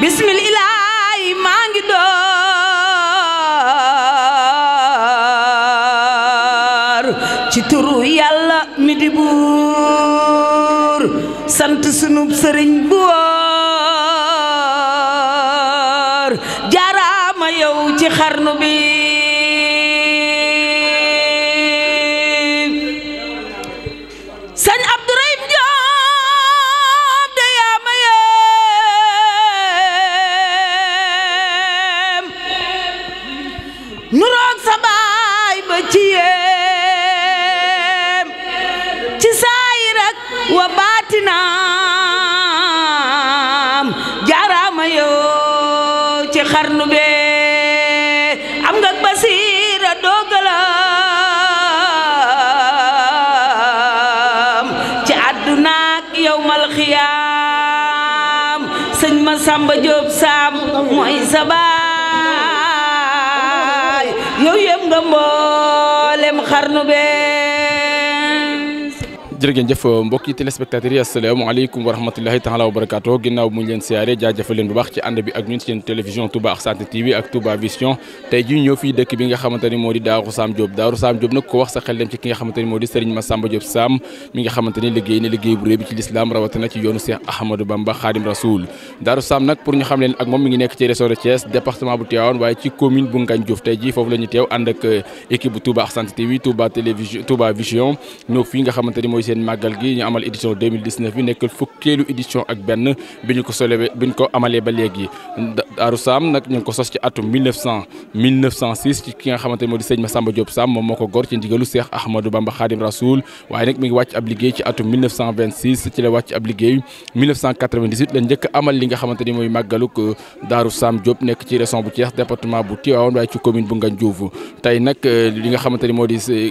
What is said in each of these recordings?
bismillah jërëjëf mbokki téléspectateurs yi asalaamaaleykum wa rahmatullahi taala wa barakaatu ginnaaw mu ngi leen siyaare jaajëfal bu baax ci ànd bi ak ñun seen télévision Touba Argentine TV ak Touba Vision tey Vision ñëw fii nga xamante mooy seen màggal gi ñu amal édition 2019 bi nekk fukkeelu édition ak benn bi ñu ko solee bi ñu ko amalee ba léegi Daaru Saam nag ñu ngi ko sos ci atum 1900 1906 ci ki nga xamante ne moo di sëñ Massamba Diop Sam moom moo ko gor ci ndigalu Seex ngi wàcc ab liggéey ci atum 1926 ci la wàcc ab liggéey 1998 la njëkk amal li nga xamante ni mooy màggaluk euh, Daaru Saam Diop nekk ci région bu Thiès département bu Tivaouane waaye ci commune bu Ngandiouf tey nag euh, li nga xamante ni moo di euh,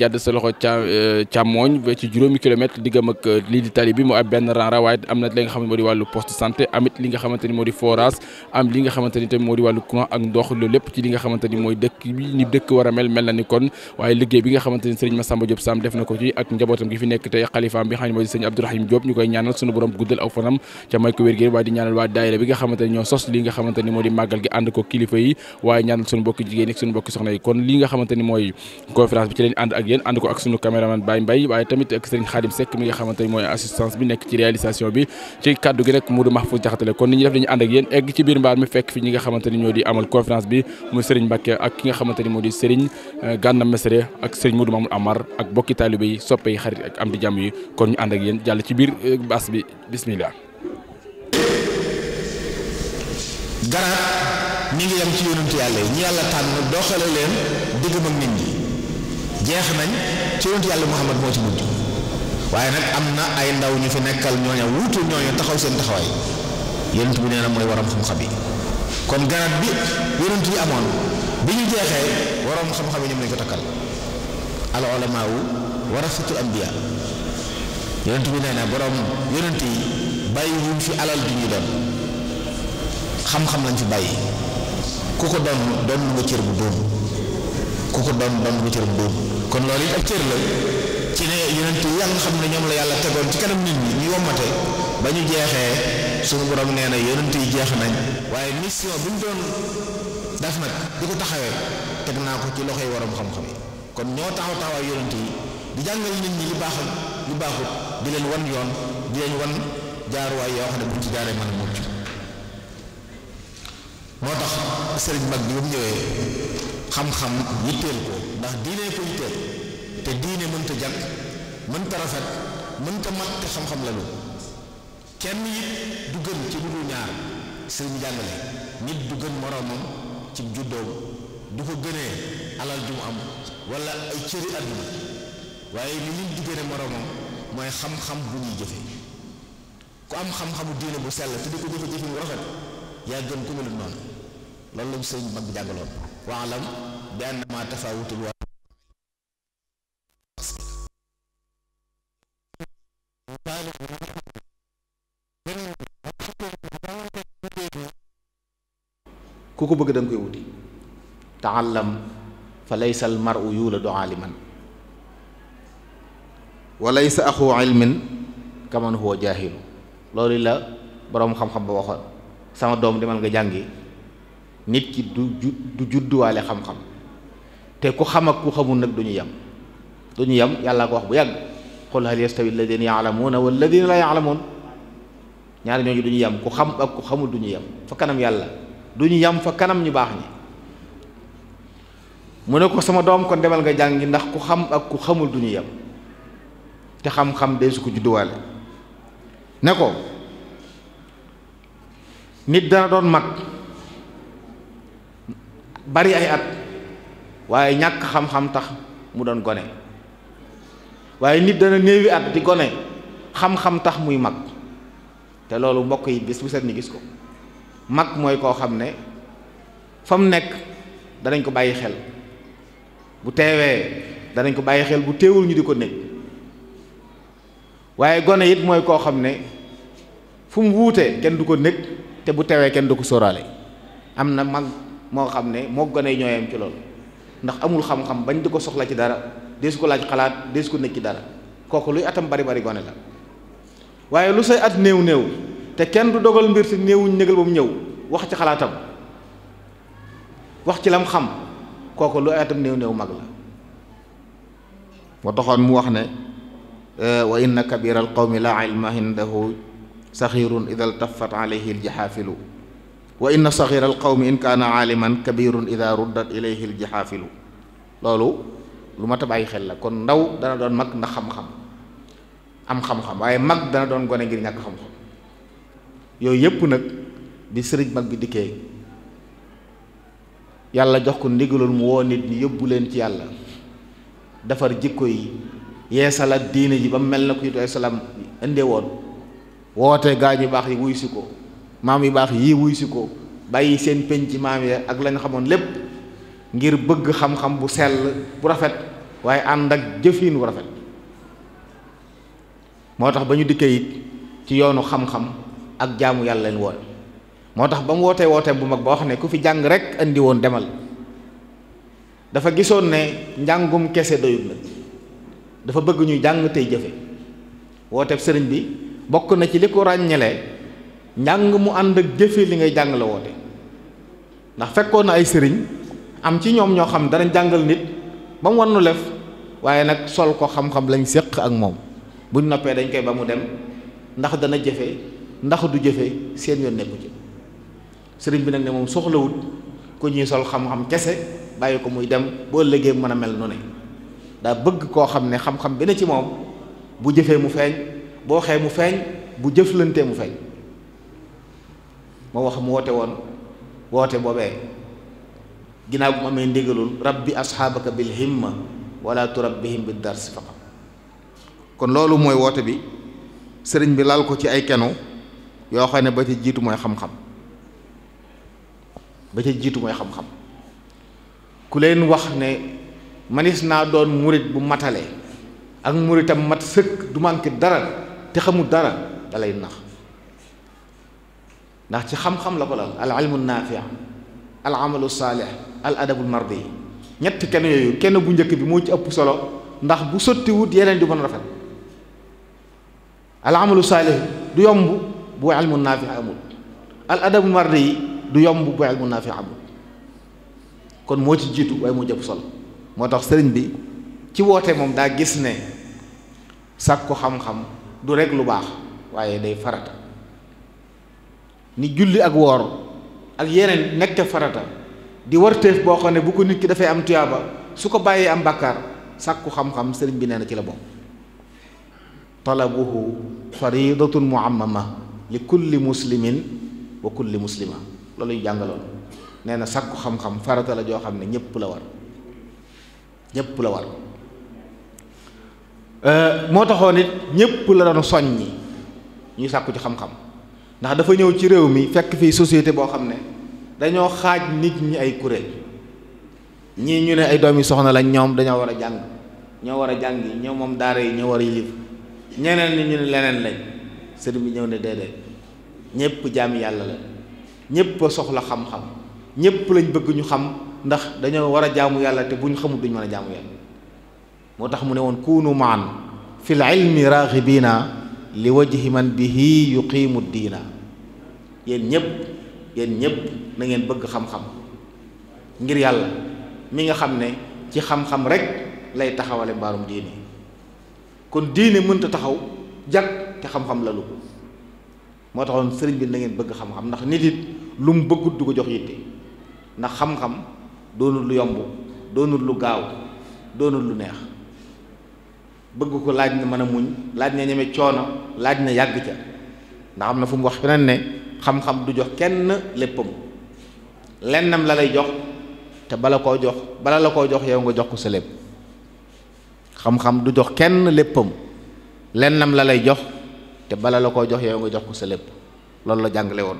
jàdd sa loxo ca euh, càmmooñ ba ci juróomi kilomètre diggam ak euh, lii di tali bi mu ab benn rang waaye am na li nga xamante moo di wàllu poste santé amit li nga xamante mooy dëkk bi a mel mel na ni kon waaye liggéey bi nga xamante ni sëriñ Massamba Diop Sam def na ko ci ak njabootam gi fi nekk tey xalifaam bi xam ne moo bi nga xamante ñoo sos li nga xamante ni di màggal gi ànd ko kilifa yi waaye ñaanal sunu mbokki jigéen sunu mbokki soxna yi kon li nga xamante ni yéen ànd ko ak sunu caméraman Baye Mbaye waaye tamit ak Serigne Khadim Seck mi nga xamante mooy assistance bi nekk ci réalisation bi ci kaddu gi rek Moudou Mahfouz Diakhaté kon ni ñuy def di euh, ñu ànd ak yéen jàll ci biir euh, baas bi bismillah jeex nañ ci yonent yàlla Muhammad moo ci mujj waaye nag am na ay ndaw ñu fi nekkal ñooña wuutu ñooña taxaw seen taxawaay yonent bi nee na mooy waram xam-xam yi kon garab bi amoon bi ñu jeexee waram xam-xam yi ñoom lañ ko takkal al ulamaa warasatul anbiya yonent bi nee na borom yonent yi bàyyi wuñ fi alal bi ñuy doon xam-xam lañ fi bàyyi ku ko doon doon nga cër bu doon ku ko doon doon nga kon lool it ak cër la ci ne yonent ya xam ne ñoom la yàlla tegoon ci kanam nit ñi ñu wommate ba ñu jeexee suñu borom nee na yonent yi jeex nañ waaye mission bu ñu doon def nag taxawee teg naa ko ci loxoy waroom xam-xam kon ñoo taxaw taxawaay yonent yi di jàngal nit ñi li baax ak li baaxut di leen wan yoon di leen wan jaaruwaay yoo xam ne buñ ci jaaree mën a mucc moo tax sëriñ mag bi ba mu ñëwee xam-xam yitteel ko ndax diine ko yitteel te diine mënta jàkk mënta rafet mënta mat te xam-xam la kenn it du gën ci lu dul ñaar sëriñ jàngale nit du gën moroomam ci juddoom du ko gënee alal ju am walla ay cëri àdduna waaye li nit du gëne moroomam mooy xam-xam bu ñuy jëfe ku am xam-xamu diine bu sell te di ko jëfe jëfe mu rafet yaa gën ku melut noonu loolu la sëriñ mag bi jàngaloon waalam ku ko bëgg danga koy wuti taallam fa laysa al maru yuladu aaliman wa laysa axu ilmin kaman huwa jaahilu loolu la boroom xam-xam ba waxoon sama doom demal nga jàngi nit ki du judduwaale xam-xam te ku xam ak ku xamul nag duñu yem duñu yem yàllaa ko wax bu yàgg qul hal yastawi alladina yaalamuuna walladina la yaalamuun ñaari ñooñu duñu yem ku xam ak ku xamul duñu yem fa kanam yàlla duñu yam fa kanam ñu baax ñi mu ne ko sama doom kon demal nga jàngi ndax ku xam ak ku xamul duñu yem te xam-xam day su ko judduwaale ne ko nit dana doon mag bari ay at waaye ñàkk xam-xam tax mu doon gone waaye nit dana néewi at di gone xam-xam tax muy mag te loolu mbokk yi bis bu set ni gis ko mag mooy koo xam ne fa mu nekk danañ ko bàyyi xel bu teewee danañ ko bàyyi xel bu teewul ñu di ko nekk waaye gone it mooy koo xam ne fu mu wuutee kenn du ko nekk te bu teewee kenn du ko sóoraale am na mag moo xam ne moo gone a ñooyam ci loolu ndax amul xam-xam bañ di ko soxla ci dara dees ko laaj xalaat dees ko nekk ci dara kooku luy atam bari bari gone la waaye lu say at néew néew te kenn du dogal mbir si néewuñ négal ba mu ñëw wax ci xalaatam wax ci lam xam kooku lu atam néew néew mag la moo taxoon mu wax ne eh, wa inna kabira al qawmi la ilma indahu saxirun ida ltafat alayhi aljahaafilu wa inna saxira al qawmi in kaana aaliman kabirun ida ruddat ilayhi al jihaafilu loolu lu mat a bàyyi xel la kon ndaw dana doon mag ndax xam-xam am xam-xam waaye mag dana doon gone ngir ñàkk xam-xam yooyu yépp nag bi sëriñ mag bi dikkee yàlla jox ko ndigalul mu woo nit ñi yóbbu leen ci yàlla defar jikko yi yeesalaat diine ji ba mu mel na ko yit ay salaam indee woon woote gaa ñu baax yi wuy ko maam yu baax yii wuy ko bàyyi seen penc maam ya ak lañ xamoon lépp ngir bëgg xam-xam bu sell bu rafet waaye ànd ak jëfin rafet moo tax ba ñu dikkee it ci yoonu xam-xam ak jaamu yàlla leen woon moo tax ba mu wootee wooteem bu mag ba wax ne ku fi jàng rek andi woon demal dafa gisoon ne njàngum kese doyut nag dafa bëgg ñuy jàng tey jëfe wooteeb sëriñ bi bokk na ci li ko ràññelee njàng mu ànd ak jëfe li ngay jàng la woote ndax fekkoon na ay sëriñ am ci ñoom ñoo xam danañ jàngal nit ba mu wan nu lef waaye nag sol ko xam-xam lañ séq ak moom buñ noppee dañ koy ba mu dem ndax dana jëfe ndax du jëfe seen yoon nekku ci sëriñ bi nag ne moom soxlawut ku ñuy sol xam-xam kese bàyyi ko muy dem boo ëllëgee mën a mel nu ne daa bëgg koo xam ne xam-xam bi ne ci moom bu jëfee mu feeñ boo waxee mu feeñ bu jëflantee mu feeñ moo wax mu woote woon woote boobee ginnaaw bu mu amee ndigalul bi asxaabaka bil himma wala turabbihim bid darsi faqat kon loolu mooy woote bi sëriñ bi lal ko ci ay keno yoo xam ne ba ci jiitu mooy xam-xam jiitu mooy xam ku leen wax ne manis naa doon murit bu matale ak muritam mat sëkk du manqué dara te xamul dara da nax ndax ci xam-xam la ko lal al ilmu naafia al amalu saalih al adabul mardi ñett kenn yooyu kenn bu njëkk bi moo ci ëpp solo ndax bu sottiwut yeneen di mën rafet al amalu saalih du yomb bu ilmu amul al adabul mardi du yomb bu ilmu naafia amul kon moo ci jiitu waaye moo ci solo moo tax sëriñ bi ci woote moom daa gis ne sàkku xam-xam du rek lu baax waaye day farata ni julli ak woor ak yeneen nekk farata di warteef boo xam ne bu ko nit ki dafay am tuyaaba su ko bàyyee am bàkkaar sàkku xam-xam sëriñ bi nee na ci la bokk talabuhu faridatun muammama li kulli muslimin wa kulli muslima loolu yu jàngaloon nee na sàkku xam-xam farata la joo xam ne ñépp la war ñépp la war euh, moo taxoon it ñépp la doon soññi ñuy sàkku ci xam-xam ndax dafa ñëw ci réew mi fekk fii société boo xam ne dañoo xaaj nit ñi ay kuréel ñii ñu ne ay doom yi soxna lañ ñoom dañoo war a jàng ñoo war a jàng yi ñoo moom daara yi ñoo war a yilif ñeneen ñi ñu leneen lañ sëriñ bi ñëw ne déedéet ñëpp jaami yàlla la ñëpp soxla xam-xam ñëpp lañ bëgg ñu xam ndax dañoo war a jaamu yàlla te bu ñu xamul duñ mën a jaamu yàlla moo tax mu ne woon kuunu maan fil ilmi raaxibiina li wajhi man bi bihi yuqiimu diina yéen ñëpp yéen ñépp na ngeen bëgg xam-xam ngir yàlla mi nga xam ne ci xam-xam rek lay taxawale mbaarum diine kon diine mënta taxaw jag te xam-xam la ko moo taxoon sëriñ bi na ngeen bëgg xam-xam ndax nit it lu mu bëggut du ko jox yitte ndax xam-xam doonul lu yomb doonul lu gaaw doonul lu neex bëgg ko laaj na mën a muñ laaj na ñeme coono laaj na yàgg ca ndax am na fu mu wax feneen ne xam-xam du jox kenn léppam lennam la lay jox te bala koo jox bala la koo jox yow nga jox ko sa lépp xam-xam du jox kenn léppam lennam la lay jox te bala la koo jox yow nga jox ko sa lépp loolu la jàngale woon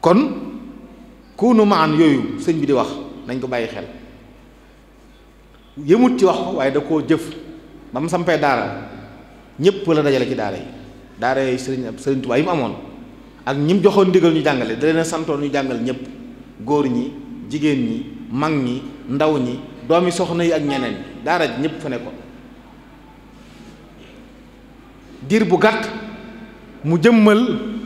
kon ma maan yooyu sëñ bi di wax nañ ko bàyyi xel yëmut ci wax ko waaye da koo jëf ba mu sampee daara ñëpp la dajale ci daara yi daara yooyu sëriñ sëriñ Tuubaa yi mu amoon ak ñim joxoon ndigal ñu jàngale da leen santoon ñu jàngal ñépp góor ñi jigéen ñi mag ñi ndaw ñi doom yi soxna yi ak ñeneen daara ji ñëpp fa ne ko diir bu gàtt mu jëmmal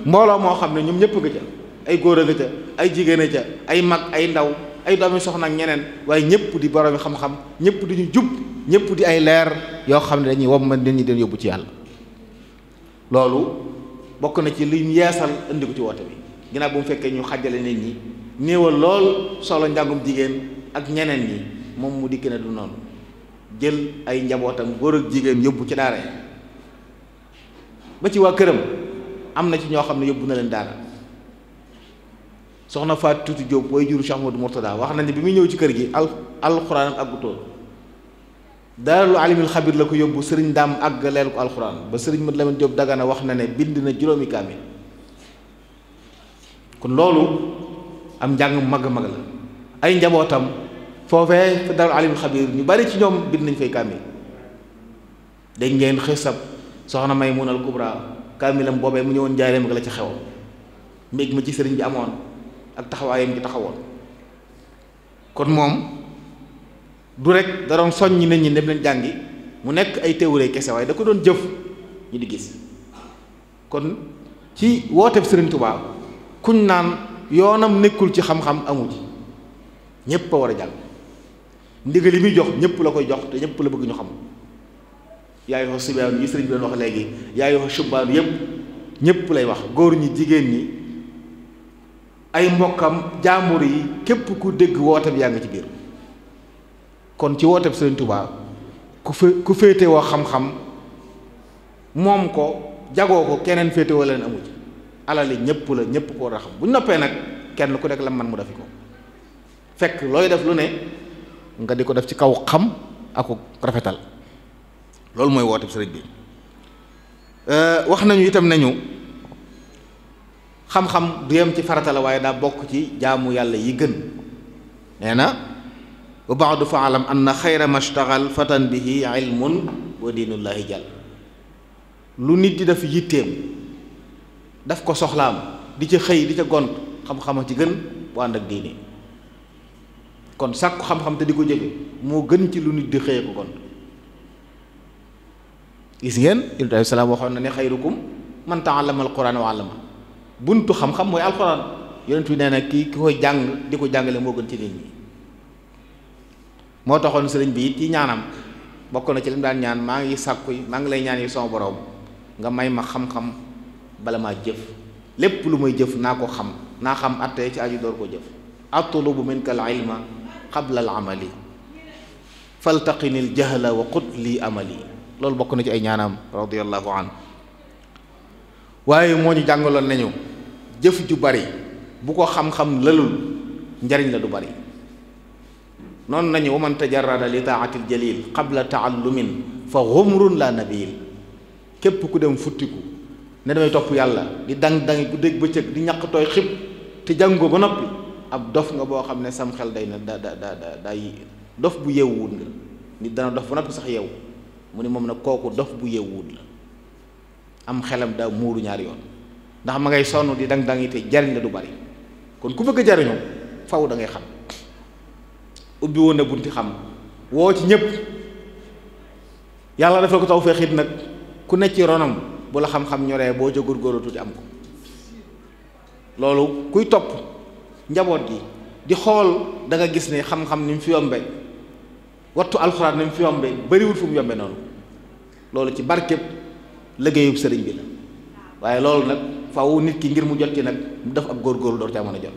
mbooloo moo xam ne ñoom ñëpp nga ay góor a nga ay jigéen ca ay mag ay ndaw ay doom yi soxna ak ñeneen waaye ñëpp di boroomi xam-xam ñëpp di ñu jub ñëpp di ay leer yoo xam ne dañuy wom man ñi den yóbbu ci yàlla loolu bokk na ci liñ yeesal indi ko ci woote bi ginnaaw bu mu fekkee ñu xajale nit ñi néewal lool soxla njàngum jigéen ak ñeneen ñi moom mu dikk ne du noonu jël ay njabootam góor ak jigéen yóbbu ci daara ba ci waa këram am na ci ñoo xam ne yóbbu na leen daara soxna Fatou Tuuti Diop way juru Cheikh Modou Mourtada wax na ne bi muy ñëw ci kër gi al alxuraanam ak gutóor daaralu alimil xabir la ko yóbbu sëriñ daam àggaleel ko alxuraan ba sëriñ Mat Lamin Jóob Dagana wax na ne bind na juróomi kaamil kon loolu am njàng mag mag la ay njabootam foofee fa daarul alimil xabir ñu bari ci ñoom bind nañ fay kaamil dégg ngeen xisab soxna Maymunal Kubra kaamilam boobee mu ñëwoon jaareem ak la ci xew mbég ma ci sëriñ bi amoon ak taxawaayam gi taxawoon kon moom du rek da doon soññi nit ñi dem leen jàngi mu nekk ay théorie kese waaye da ko doon jëf ñu di gis kon ci wooteeb Sëriñ Tuubaa kuñ naan yoonam nekkul ci xam-xam amu ji ñépp a war a jàng ndigal li muy jox ñëpp la koy jox te ñëpp la bëgg ñu xam yaay wax subaanu yi sëriñ bi doon wax léegi yaay wax subaanu yëpp ñëpp lay wax góor ñi jigéen ñi ay mbokkam jaamur yi képp ku dégg wooteem yaa ngi ci biir kon ci wooteb Sëriñ Tuubaa ku fe ku féetewoo xam-xam moom ko jagoo ko keneen féetewoo leen amu alal yi ñëpp la ñëpp ko war a bu noppee nag kenn ku nekk la man mu defe ko fekk looy def lu ne nga di ko def ci kaw xam ak rafetal loolu mooy wooteb sëriñ bi euh, wax nañu itam nañu xam-xam du ci farata waaye daa bokk ci jaamu yàlla yi gën nee na bu wa baadu fa alam anna xayra mashtagal fatan bihi ilmun wa diinullaahi jàll lu nit di def yitteem daf ko soxlaam di ca xëy di ca gont xam-xama ci gën bu ànd ak kon sàkku xam-xam te di ko jege moo gën ci lu nit di xëyee ko gont gis ngeen yonent alayhi salaam waxoon na ne xayrukum man taallama alquran wa allama buntu xam-xam mooy alquran yonent bi nee na kii ki koy jàng di ko jàngale moo gën ci nit ñi moo taxoon sëriñ bi it ci ñaanam bokk na ci lim daan ñaan maa ngi sàkku maa ngi lay ñaan yi sama borom nga may ma xam-xam bala maa jëf lépp lu may jëf naa ko xam naa xam attee ci aju door ko jëf atlubu minka al ilma qabla al amali faltaqini al jahla wa qut lii amali loolu bokk na ci ay ñaanam radiallahu an waaye moo ñu jàngaloon nañu jëf ju bari bu ko xam-xam lalul njariñ la du bari noonu nañu waman tajarrada li taatil jalil qabla taallumin fa xumrun la nabil képp ku dem futtiku ne damay topp yàlla di dang-dangi ku dégg bëccëg di ñaq tooy xib te jàngoo ba noppi ab dof nga boo xam ne sam xel day na da da da da dof bu yeewuwut nga nit dana dof ba noppi sax yeewu mu ne moom nag kooku dof bu yeewuwut la am xelam daa muuru ñaari yoon ndax ma ngay sonn di dang-dangi te jariñ la du bari kon ku bëgg a jariñoo faw da ngay xam ubbi woon na bunti xam woo ci ñëpp yàlla defal ko taw feexit nag ku nekk ci ronam bu la xam-xam ñoree boo jóg góorgóorlu tuuti am ko loolu kuy topp njaboot gi di xool da gis ne xam-xam ni mu fi yombe wattu fi yombe bariwul fu mu noonu loolu ci barkeb liggéeyub sëriñ bi waaye loolu nag faw nit ki ngir mu jot ci nag def ab góorgóorlu door ca a jot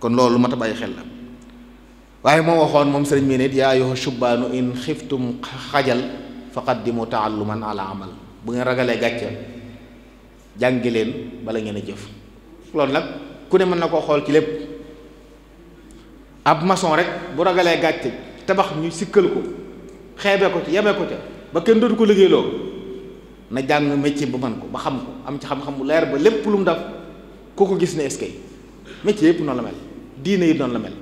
kon loolu mat a bàyyi xel la waaye moo waxoon moom sëriñ bi nit yaa ayyuha shubbaanu in xiftum xajal faqaddimu taalluman ala amal bu ngeen ragalee gàcce jàngi leen bala ngeen a jëf loolu nag ku ne mën na koo xool ci lépp ab maçon rek bu ragalee gàcce tabax ñu sikkal ko xeebee ko ci yebee ko ca ba kenn dootu ko liggéeyloo na jàng métier ba man ko ba xam ko am ci xam-xam leer ba lépp lu mu def ko gis ne eskay métier yëpp noonu la mel diine yi noonu la mel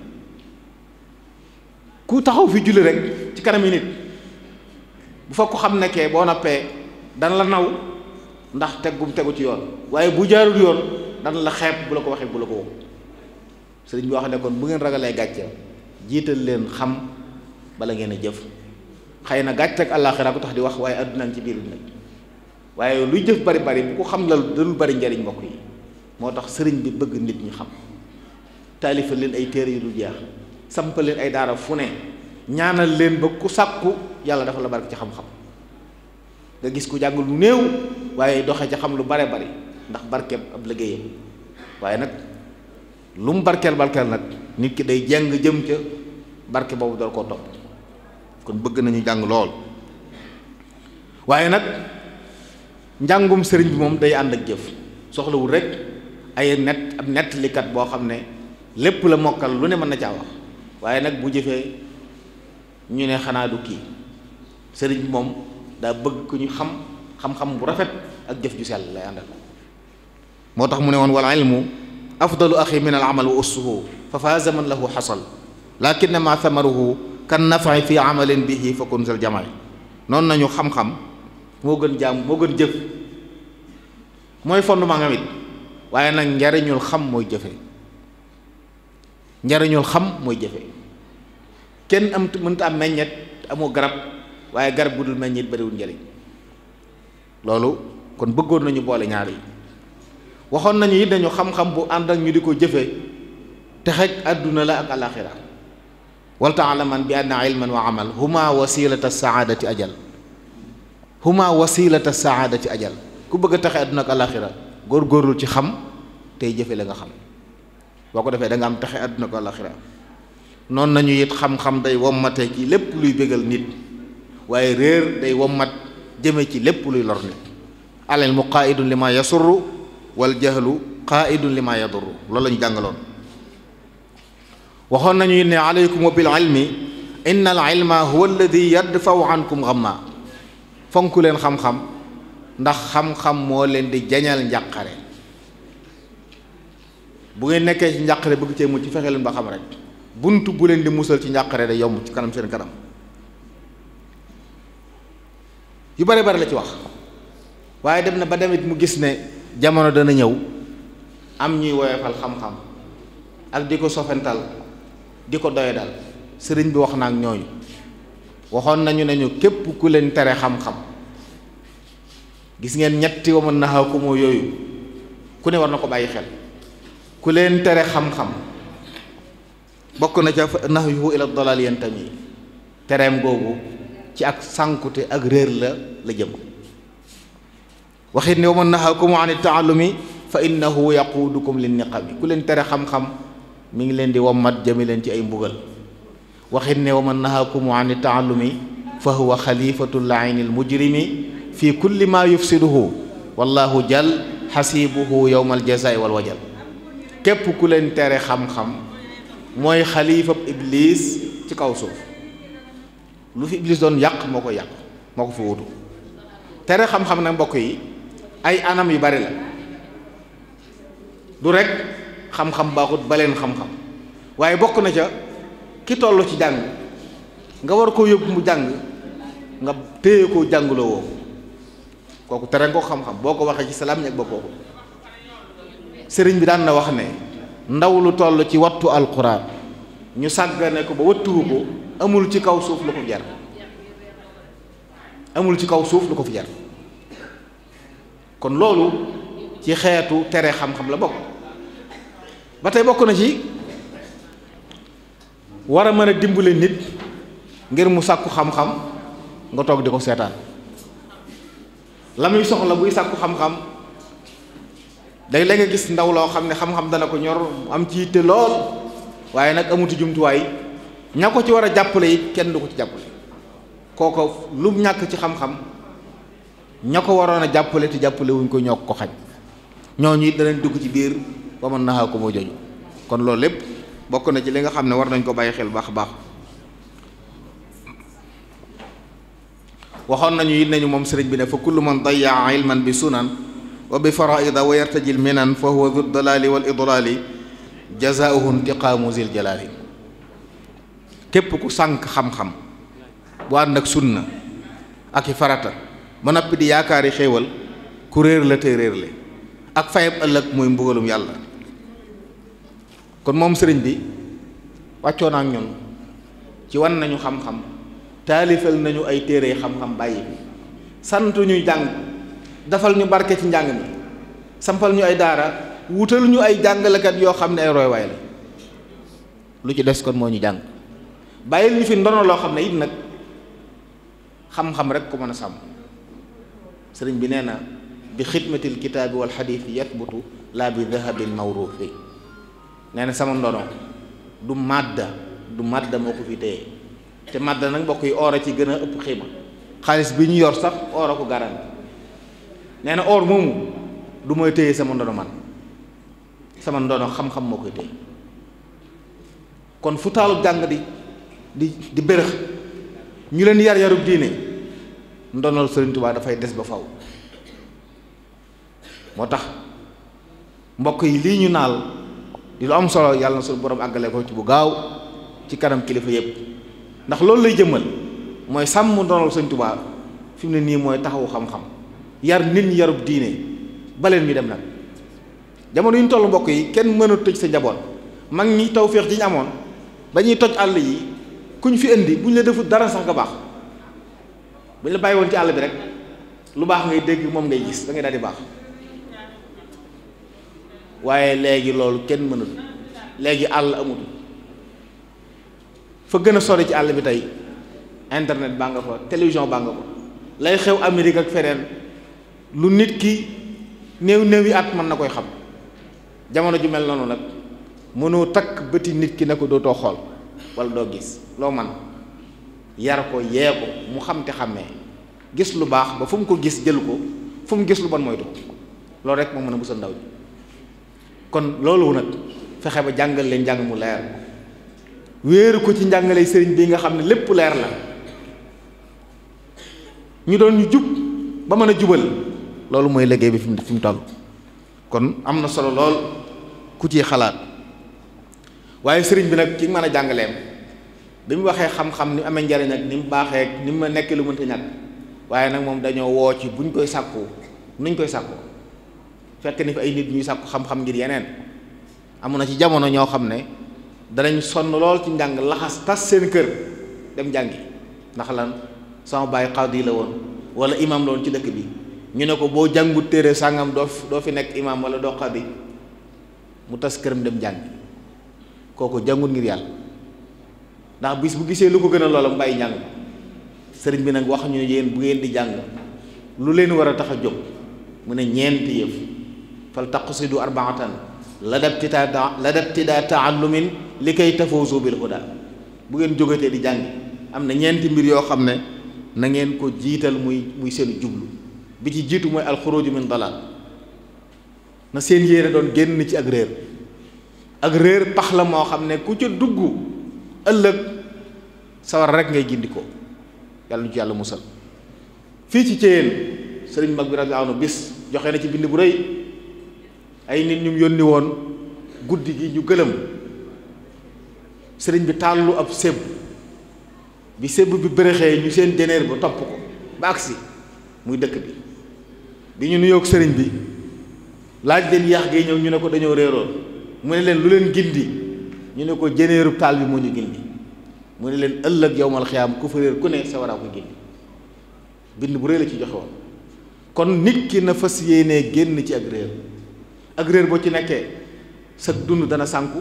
ku taxaw fi julli rek ci kanam yi nit bu fa ko xam nekkee boo noppee dana la naw ndax tegum tegu ci yoon waaye bu jaarul yoon dana la xeeb bu la ko waxee bu la ko woo sëriñ bi wax ne bu ngeen ragalee gàcce jiital leen xam bala ngeen a jëf xëy na gàcce ak àllaaxira ko tax di wax waaye àdduna ci biir nag waaye luy jëf bari bari bu ko xam la dalul bari njariñ mbokk yi moo tax sëriñ bi bëgg nit ñi xam taalifal leen ay téere yu dul jeex sampal leen ay daara fu ne ñaanal leen ba ku sàkku yàlla dafa la barke ci xam-xam nga gis ku jàng lu néew waaye doxe ci xam lu bare bari ndax barke ab liggéeyam waaye nag lum mu barkeel barkeel nag nit ki day jàng jëm ca barke boobu dal koo topp kon bëgg nañu jàng lool waaye nag njàngum sëriñ bi moom day ànd ak jëf soxlawul rek ay net ab nettalikat boo xam ne lépp la mokkal lu ne mën na caa wax waaye nag bu jëfee ñu ne xanaa du kii sëriñ bi moom daa bëgg ku ñu xam xam-xam bu rafet ak jëf ju sell lay àndal moo tax mu ne woon wal ilmu afdalu axi min al amal wa ussuhu fa faaza man lahu xasal lakin ma thamaruhu kan nafa'i fi amalin bihi fa kun sal jamaay noonu nañu xam-xam moo gën jaam moo gën jëf mooy fondement nga mit waaye nag njariñul xam mooy jëfe njariñul xam mooy jëfe kenn am mënta am meññet amoo garab waaye garab gu dul meññet bariwul njëriñ loolu kon bëggoon nañu boole ñaar yi waxoon nañu it dañu xam-xam bu ànd ak ñu di ko jëfee texeg àdduna la ak alaxira waltaalaman bi anna ilman wa amal huma wasilata ci ajal huma wasilata ci ajal ku bëgg a taxe àdduna ak alaxira góor góorlu ci xam tey jëfe la nga xam boo ko defee da nga am taxe àdduna ak alaxira noonu nañu it xam-xam day wommate ci lépp luy bégal nit waaye réer day wommat jëme ci lépp luy lor nit alel mu qaidun li ma yasurru wal jahlu qaidun li ma yadurru loolu lañu jàngaloon waxoon nañu ne aleykum wa bil ilmi inna al ilma huwa alladi yadfau ankum xamma fonku leen xam-xam ndax xam-xam moo leen di jañal njàqare bu ngeen nekkee ci njàqare bëgg cee ci fexe leen ba xam rek bunt bu leen di musal ci njàqare day yomb ci kanam seen kanam yu bare bare la ci wax waaye dem na ba demit mu gis ne jamono dana ñëw am ñuy woyofal xam-xam ak di ko sofental di ko doye sëriñ bi wax na ak ñooñu waxoon nañu nañu képp ku leen tere xam-xam gis ngeen ñetti wa man nahaakumoo yooyu ku ne war na ko bàyyi xel ku leen tere xam-xam bokk na ca nahyu ila dalal yantami tereem googu ci ak sànkute ak réer la la jëm waxit ne wa man nahakum an taallumi fa innahu yaquudukum lin niqami ku leen tere xam-xam ngi leen di wammat jëme leen ci ay mbugal waxit ne wa man nahakum an taallumi fa huwa xalifatu laini almujrimi fi kulli ma yufsiduhu wallahu jal xasibuhu yowma aljazai walwajal képp ku leen tere xam-xam mooy xalifab iblis ci kaw suuf lu fi iblis doon yàq moo ko yàq moo ko fi wutu tere xam-xam nag mbokk yi ay anam yu bari la du rekk xam-xam baaxut baleen xam-xam waaye bokk na ca ki toll ci jàng nga war koo yóbbu mu jàng nga téye koo jànguloo woo kooku tere nga ko xam-xam boo ko waxee ci salaam ñeg bokkoo ko sëriñ bi daan na wax ne ndaw lu toll ci wattu alquran ñu sàggane ko ba wattuwu ko amul ci kaw suuf lu ko jar amul ci kaw suuf lu ko fi jar kon loolu ci xeetu tere xam-xam la bokk ba tey bokk na ci war a mën a dimbale nit ngir mu sàkku xam-xam nga toog di ko seetaan la muy soxla buy sàkku xam-xam day léeg nga gis ndaw loo xam ne xam-xam dana ko ñor am ci yitte lool waaye nag amuti jumtuwaay ña ko ci war a jàppale it kenn du ko ci jàppale kooko lu ñàkk ci xam-xam ña ko waroon a jàppale te jàppale wuñ ko ñoo ko xaj ñooñu it danañ dugg ci biir ba mën naxaa ko moo joju kon loolu lépp bokk na ci li nga xam ne war nañ ko bàyyi xel baax a baax waxoon nañu it nañu moom sëriñ bi ne fa kullu man daya ilman bi sunan wa bi faraida wa yartajil minan fa huwa du dalaali wal idlaali jazaauhu intiqaamu zil jalaali képp ku sànq xam-xam bu ànd ak sunna ak i farata ba noppi di yaakaar yaakaari xéewal ku réer la tey réer le ak fayab ëllëg mooy mbugalum yàlla kon moom sëriñ bi wàccoo na ak ñun ci wan nañu xam-xam taalifal nañu ay téere xam-xam bàyyi bi sant ñuy jàng dafal ñu barke ci njàng mi sampal ñu ay daara wutal ñu ay jàngalekat yoo xam ne ay roy waay la lu ci des kon moo ñu jàng bàyyil ñu fi ndono loo xam ne it nag xam-xam rek ko mën a sàmm sëriñ bi nee na bi xidmatil kitaabi wal xadiis yatbutu laa bi dahabil mawruufi nee na sama ndono du màdda du màdda moo ko fi téye te màdda nag mbokk yi or a ci gën a ëpp xiima xaalis bi ñu yor sax or a ko garanti nee na or moomu du mooy téye sama ndono man sama ndono xam-xam moo koy téye kon fu taalu jàng di di bërëx ñu leen yar yarub diine ndonol Sëriñ dafay des ba faw moo tax mbokk yi lii ñu naal di lu am solo yàlla na suñu borom àggale ko ci bu gaaw ci kanam kilifa yépp ndax loolu lay jëmmal mooy sàmm ndonol Sëriñ Tuubaa ne nii mooy taxawu xam-xam yar nit ñi yarub diine baleen mi dem nag jamono yu ñu toll mbokk yi kenn mën toj sa njaboot mag ñi tawféex ji ñu amoon ba ñuy toj àll yi kuñ fi indi bu ñu la deful dara sax nga baax bu ñu la bàyyi woon ci àll bi rek lu baax ngay dégg moom ngay gis da ngay daal baax waaye léegi loolu kenn mënatul léegi àll amatul fa gën a sori ci àll bi tey internet baa nga fa télévision baa nga fa lay xew Amérique ak feneen lu nit ki néew néew yi at mën na koy xam jamono ju mel noonu nag mënoo takk bëti nit ki ne ko dootoo xool walla doo gis loo man yar ko yee ko mu xam te xàmmee gis lu baax ba fu mu ko gis jël ko fu mu gis lu bon moytu loolu rek moo mën a musal ndaw ji kon loolu nag fexe ba jàngale leen njàng mu leer wéeru ko ci njàngale sëriñ bi nga xam ne lépp leer la ñu doon ñu jub ba mën a jubal loolu mooy liggéey bi fi mu fi mu toll kon am na solo lool ku ci xalaat waaye sëriñ bi nag ci mën a jàngaleem bi mu waxee xam-xam ni amee njariñ ak ni mu baaxee ak ni mu nekkee lu mënta ñàkk waaye nag moom dañoo woo ci buñ koy sàkku nuñ koy sàkku fekk ni fi ay nit ñuy sàkku xam-xam ngir yeneen amoon na ci jamono ñoo xam ne danañ sonn lool ci njàng laxas tas seen kër dem jàngi ndax lan sama bàyyi xaw di la woon wala imam la ci dëkk bi ñu ne ko boo jàngut téere sàngam doo doo fi nekk imaam wala doo bi mu tas këram dem jàng kooku jàngut ngir yàlla ndax bis bu gisee lu ko gën a loola mu bàyyi jàng sëriñ bi nag wax ñu ne yéen bu ngeen di jàng lu leen war a tax a jóg mu ne ñeenti yëf fal taqsidu arbaatan ladabtidaa ladabtidaa taallumin li kay tafuuzu bil huda bu ngeen jógatee di jàng am na ñeenti mbir yoo xam ne na ngeen ko jiital muy muy seen jublu bi ci jiitu mooy alxuruju min dalal na seen yéene doon génn ci ak réer ak réer pax la moo xam ne ku ca dugg ëllëg sawar rek ngay gindikoo yàlla ñu ci yàlla musal fii ci Ceyeen sëriñ mag bi radiyallaahu anhu bis joxe na ci bind bu rëy ay nit ñu yónni woon guddi gi ñu gëlëm sëriñ bi tàllu ab sébb bi sébb bi bërëxee ñu seen jeneer ba topp ko ba agsi muy dëkk bi bi ñu nuyoog sëriñ bi laaj leen yaax gay ñëw ñu ne ko dañoo réeroon mu ne leen lu leen gindi ñu ne ko jëneerub taal bi moo ñu gindi mu ne leen ëllëg yowmal xiyaam ku fa réer ku ne sa gindi bind bu réer la ci joxe kon nit ki na fas yéenee génn ci ak réer ak réer boo ci nekkee sa dund dana sànku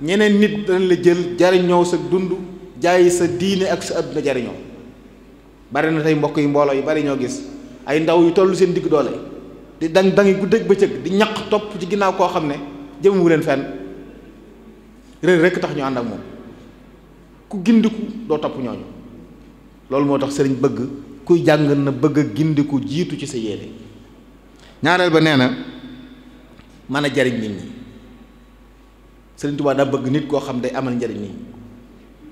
ñeneen nit dana la jël jariñoo sag dund jaayi sa diine ak sa àdduna jariñoo bari na tey mbokk yi mbooloo yi bari ñoo gis ay ndaw yu toll seen digg doole di dang dangi ba bëccëg di ñaq topp ci ginnaaw koo xam ne jëmewu leen fenn réer rekk tax ñu ànd ak moom ku gindiku doo topp ñooñu loolu moo tax sëriñ bëgg kuy jàng na bëgg a gindiku jiitu ci sa yéene ñaareel ba nee na mën a jariñ nit ñi sëriñ Tuubaa daa bëgg nit koo xam day amal njariñ nit ñi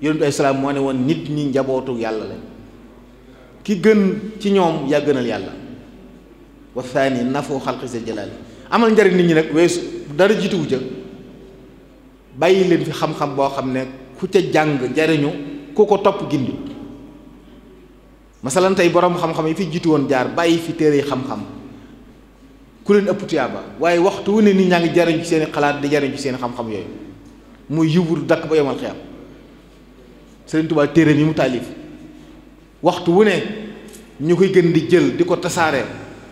yonentu ay salaam moo ne woon nit ñi njabootu yàlla la ki gën ci ñoom yaa gënal yàlla wa thani nafoo xalqi sa jalaali amal njariñ nit ñi nag weesu dara jiituwu ca bàyyi leen fi xam-xam boo xam ne ku ca jàng njariñu ku ko topp gindi masalan tey boroom xam-xam yi fi jiitu woon jaar bàyyi fi téere xam-xam ku leen ëpp tuyaaba waaye waxtu wu ne nit ñaa ngi jariñ ci seen xalaat di jariñ ci seen xam-xam yooyu muy yubur dakk ba yomal xiyam Sëriñ Tuubaa téere yi mu taalif waxtu wu ne ñu koy gën di jël di ko tasaaree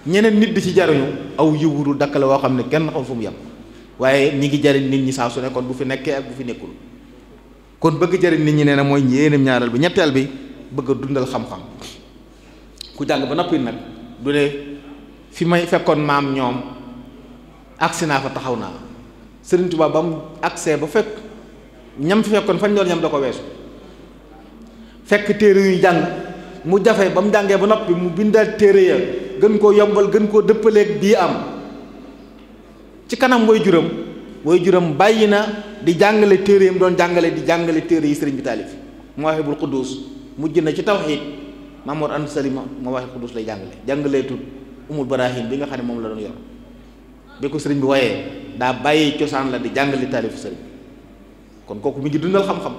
ñeneen nit di ci jariñu aw yiwuru dakkale woo xam ne kenn xam fu mu yem waaye ñi ngi jariñ nit ñi saa su nekkoon bu fi nekkee ak bu fi nekkul kon bëgg jariñ nit ñi nee na mooy yéeneem ñaareel bi ñetteel bi bëgg a dundal xam-xam ku jàng ba noppi nag du ne fi may fekkoon maam ñoom agsi naa fa taxaw naa Sëriñ Tuubaa ba mu agsee ba fekk ñam fi fekkoon fañ doon ñam da ko weesu fekk téere yu jàng mu jafe ba mu jàngee ba noppi mu bindaat téere ya gën koo yombal gën koo dëppaleek dii am ci kanam way juram way juram bàyyi na di jàngale téere yi mu doon jàngale di jàngale téere yi sëriñ bi taalif Mawahibul Quddus mujj na ci tawxiid Mamoor Anta Sali Mawahibul Quddus lay jàngale jàngaleetul Umul Barahim bi nga xam ne moom la doon yor bi ko sëriñ bi woyee daa bàyyi cosaan la di jàngale taalifu sëriñ kon kooku mu ngi dundal xam-xam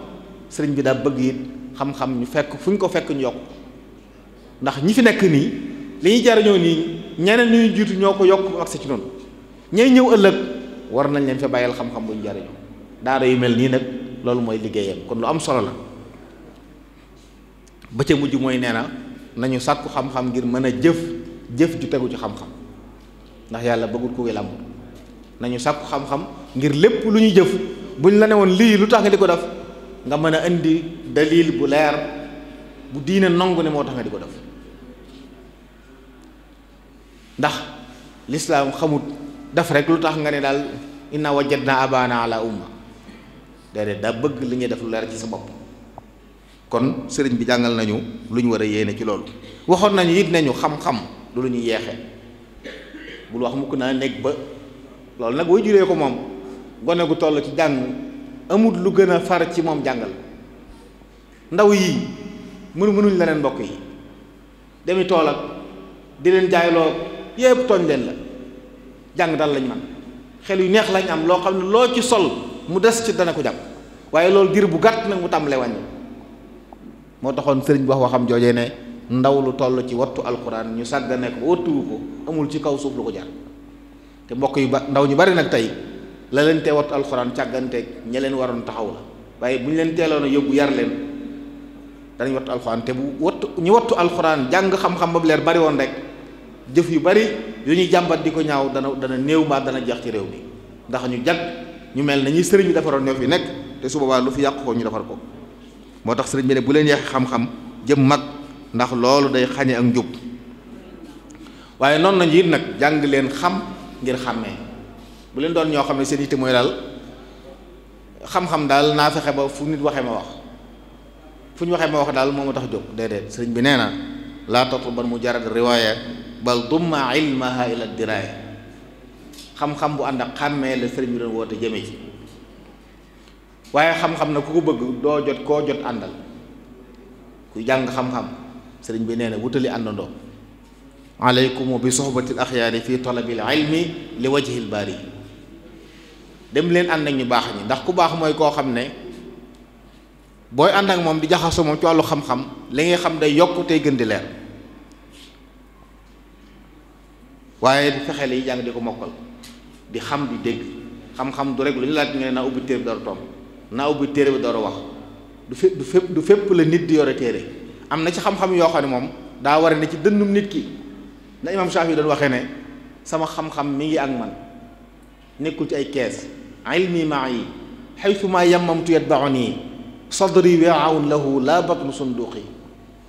sëriñ bi daa bëgg it xam-xam ñu fekk fu ko fekk ñu ndax ñi fi nekk nii li ñuy jariñoo nii ñeneen ñuy jiitu ñoo ko yokk accès ci noonu ñay ñëw ëllëg war nañ leen fa bàyyil xam-xam bu ñu jariñoo daara yu mel nii nag loolu mooy liggéeyam kon lu am solo la ba ca mujj mooy nee na nañu sàkku xam ngir mën a jëf jëf ju ci xam ndax yàlla bëggul ku welam nañu sàkku xam-xam ngir lépp lu ñuy jëf buñ la ne woon lii lu tax nga di ko def nga mën a indi dalil bu leer bu diine nangu ne moo tax nga di ko def ndax lislaam xamut def rek lu tax nga ne daal inna wajadna abana ala umma de daa bëgg li ngay def lu leer ci sa bopp kon sëriñ bi jàngal nañu lu ñu war a yéene ci loolu waxoon nañu it nañu xam-xam du lu ñu yeexe bul wax mukk naa néeg ba loolu nag way juree ko moom gone gu toll ci jàng amut lu gën a far ci moom jàngal ndaw yi mënu mënuñ leneen mbokk yi demi tool di leen jaayloo yépp tooñ leen la jàng dal lañ man xel yu neex lañ am loo xam ne loo ci sol mu des ci dana ko jàpp waaye loolu diir bu gàtt nag mu tàmbalee wàññi moo taxoon sëriñ bi wax waxam joojee ne ndaw lu toll ci wattu alquran ñu sàggane ko wattuwu ko amul ci kaw suuf lu ko jar te mbokk yu ba ndaw ñu bari nag tey la leen te wattu alxuraan càgganteeg ña leen waroon taxaw la waaye bu ñu leen teeloon a yóbbu yar leen danañ wattu alquran te bu wattu ñu wattu alquran jàng xam-xam bari woon rek jëf yu bari yu ñuy jàmbat di ko ñaaw dana dana néew mbaa dana jeex ci réew mi ndax ñu jag ñu mel na ñuy sëriñ bi defaroon ñoo fi nekk te su boobaa lu fi yàqu ko ñu defar ko moo tax sëriñ bi bu leen yeex xam-xam jëm mag ndax loolu day xañe ak njub waaye noonu nañu it nag jàng leen xam ngir xàmmee bu leen doon ñoo xam ne seen mooy daal xam daal naa fexe ba fu nit waxee ma wax fu ñu waxee ma wax daal moo ma tax jóg déedéet sëriñ nee na laa tatul ban mu jarat riwaaya bal dumma ilmaha ila diraaya xam-xam bu ànd ak xàmmee la sëriñ bi doon woote jëme ci waaye xam-xam na ku ko bëgg doo jot koo jot àndal ku jàng xam-xam sëriñ bi neena wutali àndandoo aleykum bi soxbati l axyaari fi talabil ilmi li wajhi l baari dem leen ànd ak ñu baax ñi ndax ku baax mooy koo xam ne booy ànd ak moom di jaxasoo moom ci wàllu xam-xam li ngay xam day yokk tey gën di leer waaye di fexee yi jàng di ko mokkal di xam di dégg xam-xam du rek lu ñu laaj nga ne naa ubbi téere bi door a naa ubbi téere bi door a wax du fé du fépp du fépp la nit di yore téere am na ci xam-xam yoo xam ne moom daa war ne ci dënnum nit ki na imam Shaafi doon waxee ne sama xam-xam mi ngi ak man nekkul ci ay kees ilmi maa yi xaytu maa yammamtu yatbauni sadri wiaun lahu la batnu sunduqi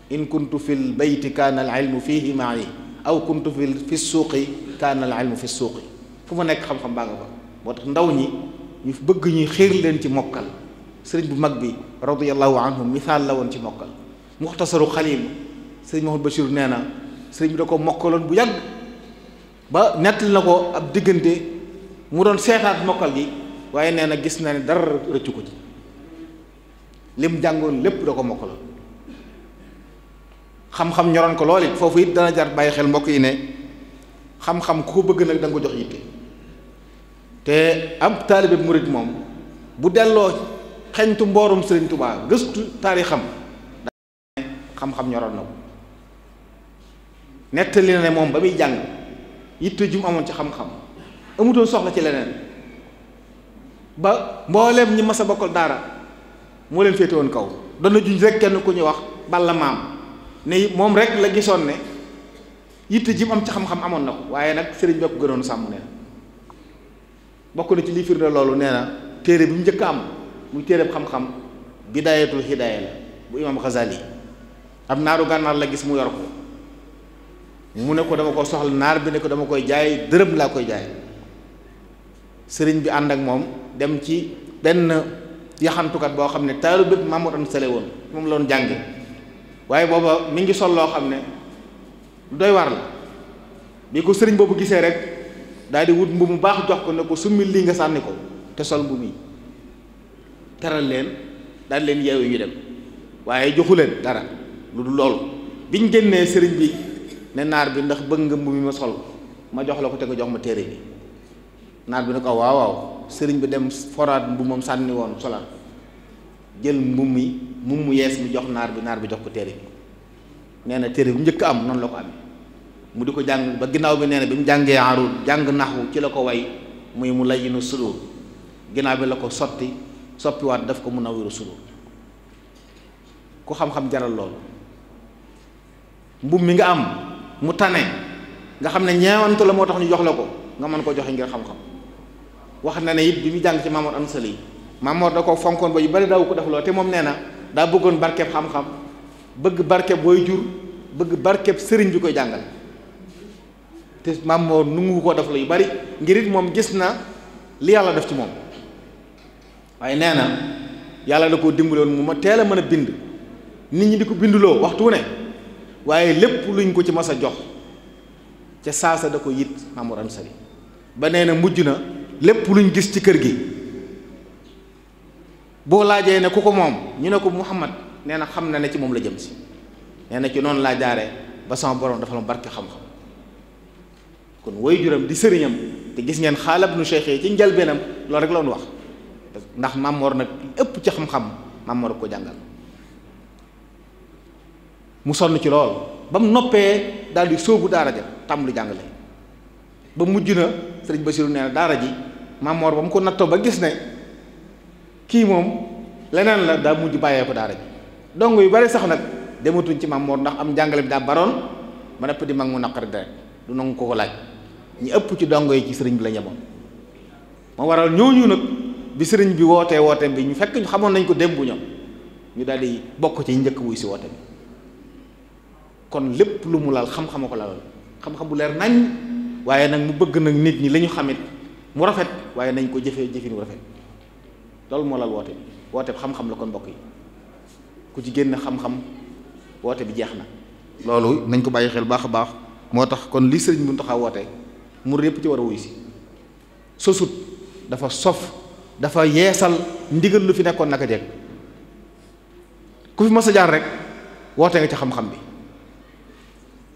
in kuntu fi l bayti kaana al ilmu fihi maa yi aw kuntu fi fi suuqi kaana al ilmu suuqi fu ma nekk xam-xam baa nga fa moo tax ndaw ñi ñu bëgg ñuy xiir leen ci mokkal sëriñ bu mag bi radiallahu anhu misaal la woon ci mokkal muxtasaru xalil sëriñ Mahmoud Bachir nee na sëriñ bi ko mokkaloon bu yàgg ba nettali na ko ab diggante mu doon seetaat mokkal gi waaye nee na gis na ne dara rëccu ko ci lim jàngoon lépp da ko mokkaloon xam-xam ñoroon ko lool foofu it dana jar bàyyi xel mbokk yi ne xam-xam ku ko bëgg nag da jox yitte te am taalibe murit moom bu delloo xentu mboorum Sëriñ Tubaa gëstu taarixam xam-xam ñoroon na ko nettali ne moom ba muy jàng yitte jum amoon ci xam-xam amutoon soxla ci leneen ba mbooleem ñi mas a bokkal daara moo leen féete woon kaw dana juñ rek kenn ku ñuy wax balla maam ne moom rek la gisoon ne yitte ji mu am ci xam-xam amoon na ko waaye nag sëriñ bépp gënoon sàmm nee na bokk na ci lii firnde loolu nee na téere bi mu njëkk am muy téere xam-xam bidaayatul hidaaya la bu imam Ghazali ab naaru gànnaar la gis mu yor ko mu ne ko dama ko soxla naar bi ne ko dama koy jaay dërëm laa koy jaay sëriñ bi ànd ak moom dem ci benn yaxantukat boo xam ne taalu bépp Mahmoud Ansari woon moom la doon jànge waaye booba mi ngi sol loo xam ne lu doy war la bi ko sëriñ boobu gisee rek daal di wut mbu mu baax jox ko ne ko summi lii nga sànni ko te sol mbu mi teral leen daal leen yeewu ñu dem waaye joxu leen dara lu dul loolu biñ génnee sëriñ bi ne naar bi ndax bëgg nga mbu mi ma sol ma jox la ko te nga jox ma téere yi naar bi ne ko waaw waaw sëriñ bi dem foraat mbu moom sànni woon solaat jël mbubb mi mbubb mu yees mi jox naar bi naar bi jox ko téere bi nee na téere bu njëkk am noonu la ko amee mu di ko jàng ba ginnaaw bi nee na bi mu jàngee arul jàng naxu ci la ko way muy mu layinu sudur ginnaaw bi la ko sotti soppiwaat daf ko mun a wéru sudur ku xam-xam jaral loolu mbubb mi nga am mu tane nga xam ne ñeewantu la moo tax ñu jox la ko nga mën ko joxe ngir xam wax na ne it bi mu jàng ci Mamour Amsali Mamor da ko fonkoon ba yu bari daaw ko def loolu te moom nee na daa bëggoon barkeb xam-xam bëgg barkeb booy jur bëgg barkeb sëriñ bi koy jàngal te Mamor nungu ko def la yu bari ngir it moom gis na li yàlla def ci moom waaye nee na yàlla da koo dimbaloon mu ma teel a mën a bind nit ñi di ko binduloo waxtu ne waaye lépp luñ ko ci mas a jox ca saasa da ko yit Mamor Anta Sali ba nee na mujj na lépp luñ gis ci kër gi. boo laajee ne ku ko moom ñu ne ko Muhammad nee na xam na ne ci moom la jëm si nee na ci noonu laa jaaree ba sama borom dafa ma barke xam-xam kon waajuram di sëriñam te gis ngeen xaalab nu cheikh ci njalbeenam loolu rek la doon wax ndax Mamor nag ëpp ci xam-xam Mamor ko jàngal mu sonn ci lool ba mu noppee daal di sóobu daara ja tàmm lu jàngale ba mujj na sëriñ Basiru nee na daara ji mamoor ba mu ko nattoo ba gis ne. kii moom leneen la daa mujj bàyyee ko daara ji dong yu bari sax nag dematuñ ci Maam ndax am njàngale bi daa baroon ba nepp di mag mu naqari rek du nangu ko laaj ñu ëpp ci dongo yi ci sëriñ bi la ñemoon moo waral ñu nag bi sëriñ bi wootee wooteem bi ñu fekk ñu xamoon nañ ko dem bu ñoom ñu daal di bokk ci njëkk wuy si woote kon lépp lu mu lal xam-xama ko laal xam-xam bu leer nañ waaye nag mu bëgg nag nit ñi lañu ñu xamit mu rafet waaye nañ ko jëfee jëfin rafet loolu moo lal woote bi woote bi xam-xam la kon mbokk yi ku ci génn xam-xam woote bi jeex na loolu nañ ko bàyyi xel baax a baax moo tax kon lii sëriñ Muntaxa woote mur yépp ci war a wuy si sosut dafa sof dafa yeesal ndigal lu fi nekkoon naka jekk ku fi a jaar rek woote nga ci xam bi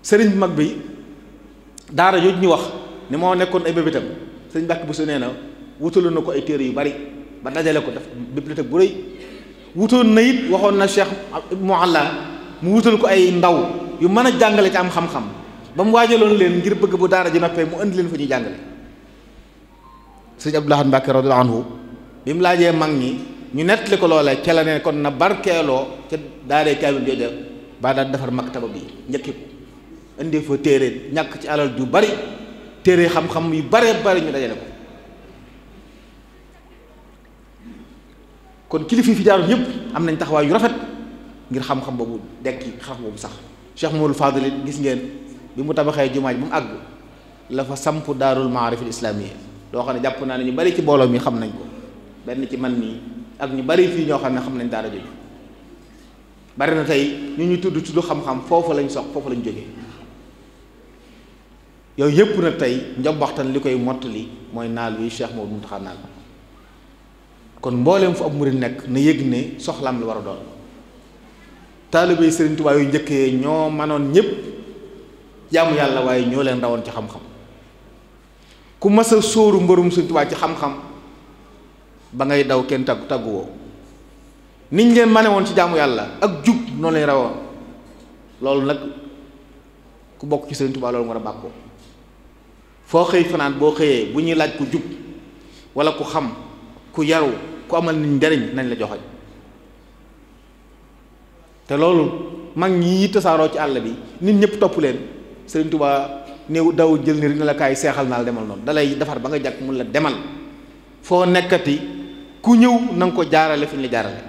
sëriñ bi mag bi daara jooju ñu wax ne moo nekkoon ay bébitam sëriñ Mbàkke bu su nee na wutalu na ko ay téere yu bari ba dajale ko def bibliothèque bu rëy wutoon na it waxoon na Cheikh Moualla mu wutal ko ay ndaw yu mën a jàngale ci am xam-xam ba mu waajaloon leen ngir bëgg bu daara ji noppee mu indi leen fa ñuy jàngale sëñ Abdou Lahad Mbacké radiyallahu anhu bi mu laajee mag ñi ñu nettali ko loolee ca kon na barkeeloo ca daaree kaamil jooja ba daal defar maktaba bi njëkki ko indee fa téere ñàkk ci alal ju bari téere xam-xam yu bare bari ñu dajale ko kon kilifa fi jaaroon yépp am nañ taxawaay yu rafet ngir xam-xam boobu dekki xaraf boobu sax Cheikh Mawlud Fadil gis ngeen bi mu tabaxee jumaa ji ba mu àgg la fa samp daarul maarifil islamiyya loo xam ne jàpp naa ne ñu bari ci mbooloo mi xam nañ ko benn ci man mii ak ñu bari fii ñoo xam ne xam nañ daara jooju bari na tey ñu ñu tudd tudd xam-xam foofu lañ sox foofu lañ jógee yooyu yëpp nag tey njombaxtan li koy mottali mooy naal wi Cheikh Mawlud Muntaxa naal kon mbooleem fu ab murit nekk na yëg ne soxlaam la war a doon taalibey Sëriñ Tuubaa yu njëkkee ñoo manoon ñëpp jaamu yàlla waaye ñoo leen rawoon ci xam-xam ku mas a sóoru mbërum Sëriñ Tuubaa ci xam-xam ba ngay daw kenn tagg tagguwoo niñ leen mane woon ci jàmm yàlla ak jub noo lañ rawoon loolu nag ku bokk ci Sëriñ Tuubaa loolu nga war a bàkkoo foo xëy fanaan boo xëyee bu ñuy laaj ku jub wala ku xam ku yaru ku amal nañ njariñ nañ la joxoñ te loolu mag ñi tasaaroo ci àll bi nit ñëpp topp leen Sëriñ Tuubaa néew daw jël ni rek ne la kaay seexal naa naal demal noonu dalay defar ba nga jàkk mun la demal foo nekkati ku ñëw na ko jaarale fi ñu la jaarale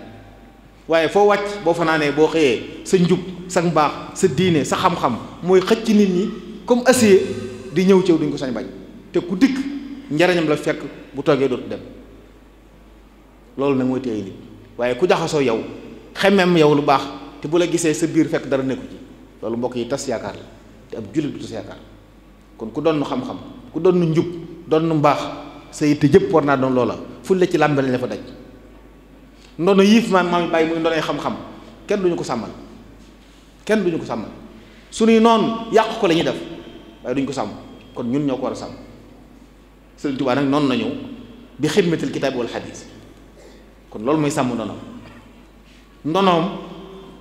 waaye foo wàcc boo fanaanee boo xëyee sa njub sa mbaax sa diine sa xam-xam mooy xëcc nit ñi comme acier di ñëw cëw yow duñ ko sañ bañ te ku dikk njariñam la fekk bu toogee dootu dem loolu nag mooy téye nit waaye ku jaxasoo yow xemem yow lu baax te bu la gisee sa biir fekk dara nekku ci loolu mbokk yi tas yaakaar la te ab jullit du tas yaakaar kon ku doon xam-xam ku doon njub doon mbaax sa yitte jëpp war naa doon loola fulle ci làmb la fa daj ndono yiif maam maam bàyyi muy ndonay xam-xam kenn duñu ko sàmmal kenn duñu ko sàmmal suñuy noon yàq ko lañuy def waaye duñu ko sàmm kon ñun ñoo ko war a sàmm Sëriñ Tuubaa nag noonu nañu bi xidmatil kitaab wal xadiis kon loolu mooy sàmm ndonoom ndonoom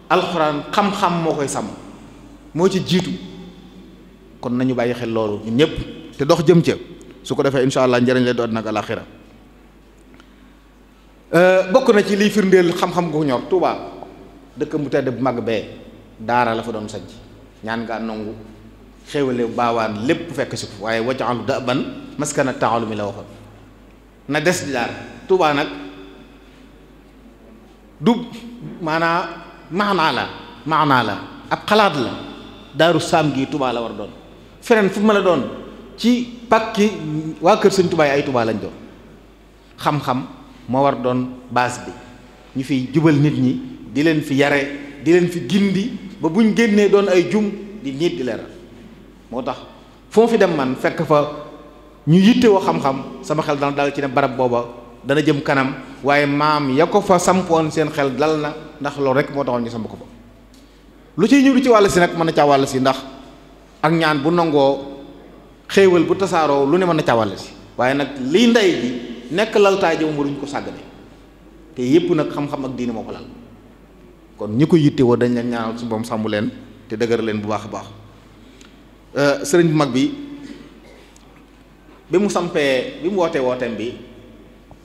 alxuraan xam-xam moo koy sàmm moo ci jiitu kon nañu bàyyi xel loolu ñun ñëpp te dox jëm ca su ko defee incha allah njëriñ lay doon nag alaxira euh, bokk na ci liy firndeel xam-xam gu ñor Tuubaa dëkk bu tedd bu mag bee daara la fa doon sanc ñaan ngaa nangu xéwale baawaan lépp fekk si ko waaye waccaxalu da ban maskana taxalu mi la waxoon na des di daara Tuubaa nag du maanaa maanaa la maanaa la ab xalaat la daaru saam gi tubaa la war a doon feneen fu mën a doon ci pakki waa kër sëñ tubaa yi ay tubaa lañ doon xam-xam moo war doon baas bi ñu fiy jubal nit ñi di leen fi yare di leen fi gindi ba buñ génnee doon ay jum di nit di leeral moo tax foo fi dem man fekk fa ñu yitte wa xam-xam sama xel dana dal ci ne barab booba dana jëm kanam waaye maam ya ko fa sampoon seen xel dal na ndax loolu rek moo taxoon ñu samp ko fa lu ciy ñëw ci wàll si nag mën na caa wàll si ndax ak ñaan bu nangoo xéewal bu tasaaroo lu ne mën na caa wàll si waaye nag liy ndey bi nekk laltaay jëm waruñ ko sàggane te yépp nag xam-xam ak diine moo ko lal kon ñi ko yittewoo dañ leen ñaanal suñu boom sàmm leen te dëgër leen bu baax a baax euh, sëriñ bu mag bi bi mu sampee bi mu wootee wooteem bi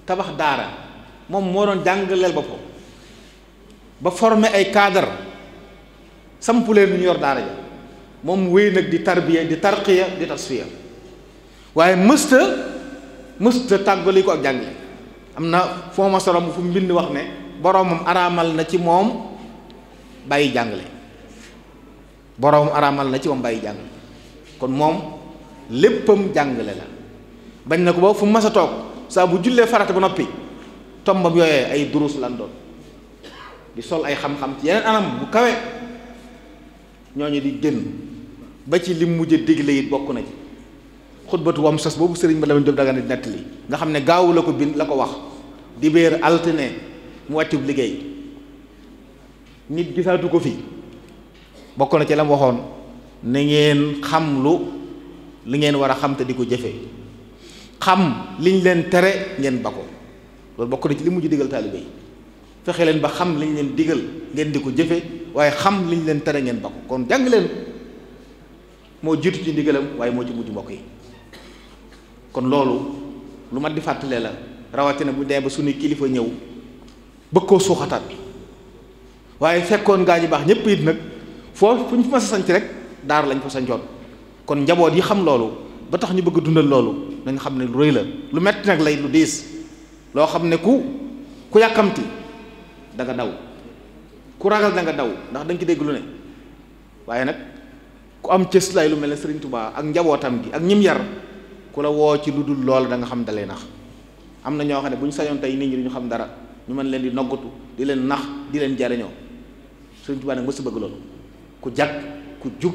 tabax daara moom moo doon jàngaleel boppam ba former ay kaadar samp leen yor daara ja moom wéy nag di tarbiya di tarqiya di tasfiya waaye mësta mësta tàggali ko ak jàngale am na foo ma solo mu fu mbind wax ne boroomam araamal na ci moom bàyyi jàngale boroomam araamal na ci moom bàyyi jàngale kon moom léppam jàngale la bañ na ko ba fu mu a toog saa bu jullee farata ba noppi tombam yooyee ay duruus lan doon di sol ay xam-xam ci yeneen anam bu kawe ñooñu di génn ba ci lim mujj digle it bokk na ci xutbatu wam sos boobu sëriñ ba Lamin Jóob Dagana nettali nga xam ne gaawula ko bind la ko wax di béer altine mu wàccub liggéey nit gisaatu ko fii bokk na ci la mu waxoon ne ngeen xam lu li ngeen war a xam te di ko jëfee xam liñ leen tere ngeen ba ko loolu bokk na ci li mujj digal taalibe yi fexe leen ba xam liñ leen diggal ngeen di ko jëfe waaye xam liñ leen tere ngeen ba ko kon jàng leen moo jiitu ci ndigalam waaye moo ci mujj mbokk yi kon loolu lu mat di fàttalee la rawatina bu dee ba suñu kilifa ñëw bëgg koo suuxataat waaye fekkoon gaa ñu baax ñépp it nag foofu fu ñu fa sa sanc rek daar lañ fa sancoon kon njaboot yi xam loolu ba tax ñu bëgg dundal loolu nañ xam ne lu rëy la lu metti nag lay lu diis loo xam ne ku ku yàkkamti danga daw ku ragal danga daw ndax da nga ci dégg lu ne waaye nag ku am cës lay lu mel ne Sëriñ Tubaa ak njabootam gi ak ñim yar ku la woo ci lu dul lool da nga xam dalee nax am na ñoo xam ne bu ñu sañoon tey nit ñi duñu xam dara ñu mën leen di noggatu di leen nax di leen jariñoo Sëriñ Tubaa nag mësu bëgg loolu ku jag ku jub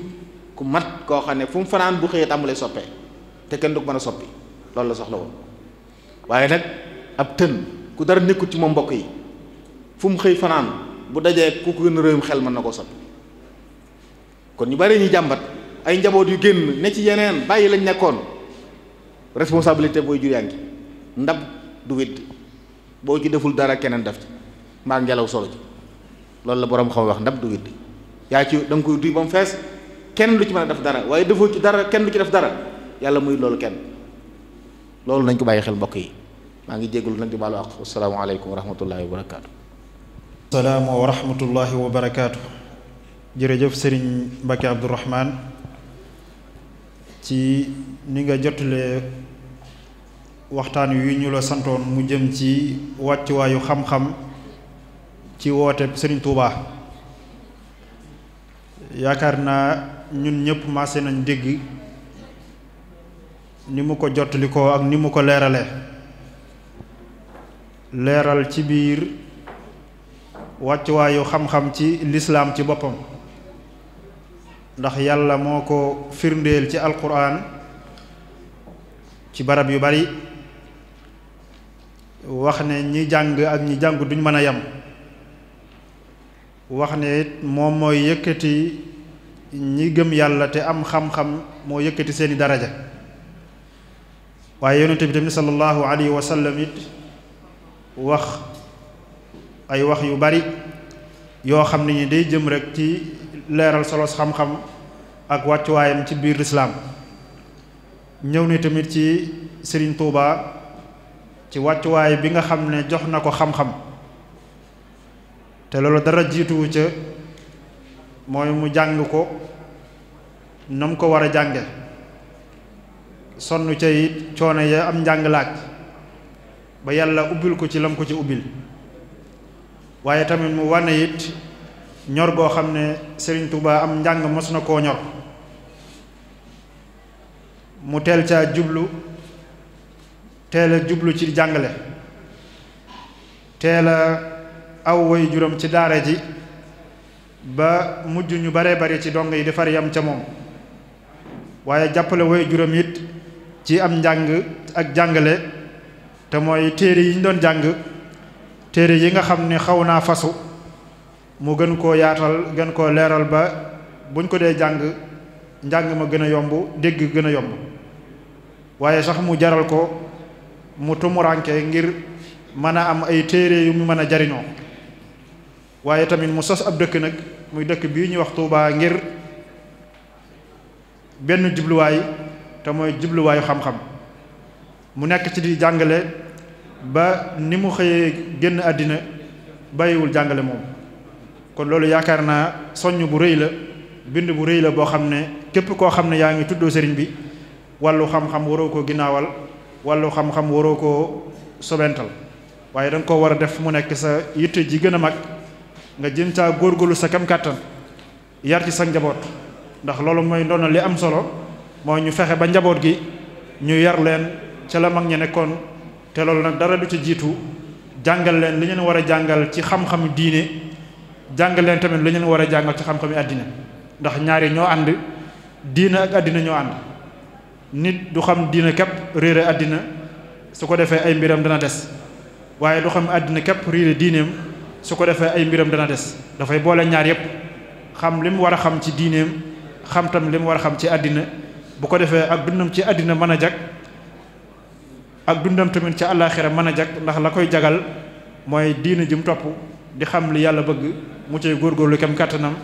ku mat koo xam ne fu mu fanaan bu xëyee tàmbalee soppee te kenn du ko mën a soppi loolu la soxla ab tën ku dara nekkut ci ma mbokk yi fu xëy fanaan bu dajee ku ko gën a réewum xel mën na koo soppi kon ñu bari ñu jàmbat ay njaboot yu génn ne ci yeneen bàyyi lañ nekkoon responsabilité booy jur yaa ngi ndab du witt boo ci deful dara keneen def ci mbaa ngelaw solo ji loolu la borom xaw wax ndab du witt yaa ci da nga koy duy ba mu fees kenn lu ci mën a def dara waaye defoo ci dara kenn du ci def dara yàlla muy loolu kenn loolu nañ ko bàyyi xel mbokk yi. maa ngi jégalu nag di baalu àq asalaamaaleykum wa rahmatullahi wa barakaatu. salaamu wa rahmatullahi wa barakaatu. jërëjëf sëriñ Mbacke Abdourahman ci ni nga jotle waxtaan wi ñu la santoon mu jëm ci wàccuwaayu xam-xam ci woote sëriñ Touba yaakaar naa ñun ñëpp maase nañ dégg ni mu ko jottali ko ak ni mu ko leeralee. leeral ci biir wàccuwaayu xam-xam ci lislaam ci boppam ndax yàlla moo ko firndeel ci alquran ci barab yu bari wax ne ñi jàng ak ñi jàngu duñ mën a yem wax ne it moom mooy yëkkati ñi gëm yàlla te am xam-xam moo yëkkati seeni daraja waaye yonente bi tamit sallallahu alayhi wa wax ay wax yu bari yoo xam ne ni day jëm rekk ci leeral solos xam-xam ak wàccuwaayam ci biir lislaam ñëw ni tamit ci sëriñ Touba ci wàccuwaay bi nga xam ne jox na ko xam-xam te loolu dara jiituwu ca mooy mu jàng ko na ko war a jànge sonn ca it coono ya am njàng laaj ba yàlla ubbil ko ci lam ko ci ubbil waaye tamit mu wane it ñor goo xam ne Serigne Touba am njàng mos na koo ñor mu teel ca jublu teel a jublu ci jàngale teel a aw way juróom ci daara ji ba mujj ñu baree bari ci dong yi defar yam ca moom waaye jàppale way juróom it ci am njàng ak jàngale te mooy téere yi ñu doon jàng téere yi nga xam ni xaw naa fasu mu gën koo yaatal gën koo leeral ba buñ ko dee jàng njàng ma gën a yomb dégg gën a yomb waaye sax mu jaral ko mu tumuranke ngir mën a am ay téere yu mu mën a jariñoo waaye tamit mu sos ab dëkk nag muy dëkk bii ñuy wax Tuubaa ngir benn jubluwaay te mooy jubluwaayu xam-xam mu nekk ci di jàngale ba ni mu xëyee génn àddina bàyyiwul jàngale moom kon loolu yaakaar naa soññ bu rëy la bind bu rëy la boo xam ne képp koo xam ne yaa ngi tuddoo sëriñ bi wallu xam-xam waroo koo ginnaawal wàllu xam-xam waroo ko sobental waaye da ko war a def mu nekk sa yitte ji gën a mag nga jëm caa góorgóorlu sa kem kàttan yar ci sa njaboot ndax loolu mooy ndono li am solo mooy ñu fexe ba njaboot gi ñu yar leen ca la mag ña nekkoon te loolu nag dara du ci jiitu jàngal leen li ñu war a jàngal ci xam-xamu diine jàngal leen tamit li ñu war a jàngal ci xam-xamu àddina ndax ñaari ñoo ànd diine ak àddina ñoo ànd nit du xam diine képp réere àddina su ko defee ay mbiram dana des waaye du xam àddina képp réere diineem su ko defee ay mbiram dana des dafay boole ñaar yépp xam li war a xam ci diineem xam tam li war a xam ci àddina bu ko defee ak dundam ci àddina mën a jag ak dundam tamit ci àllaaxira mën a jag ndax la koy jagal mooy diina ji mu topp di xam li yàlla bëgg mu cay góorgóorlu kam kàttanam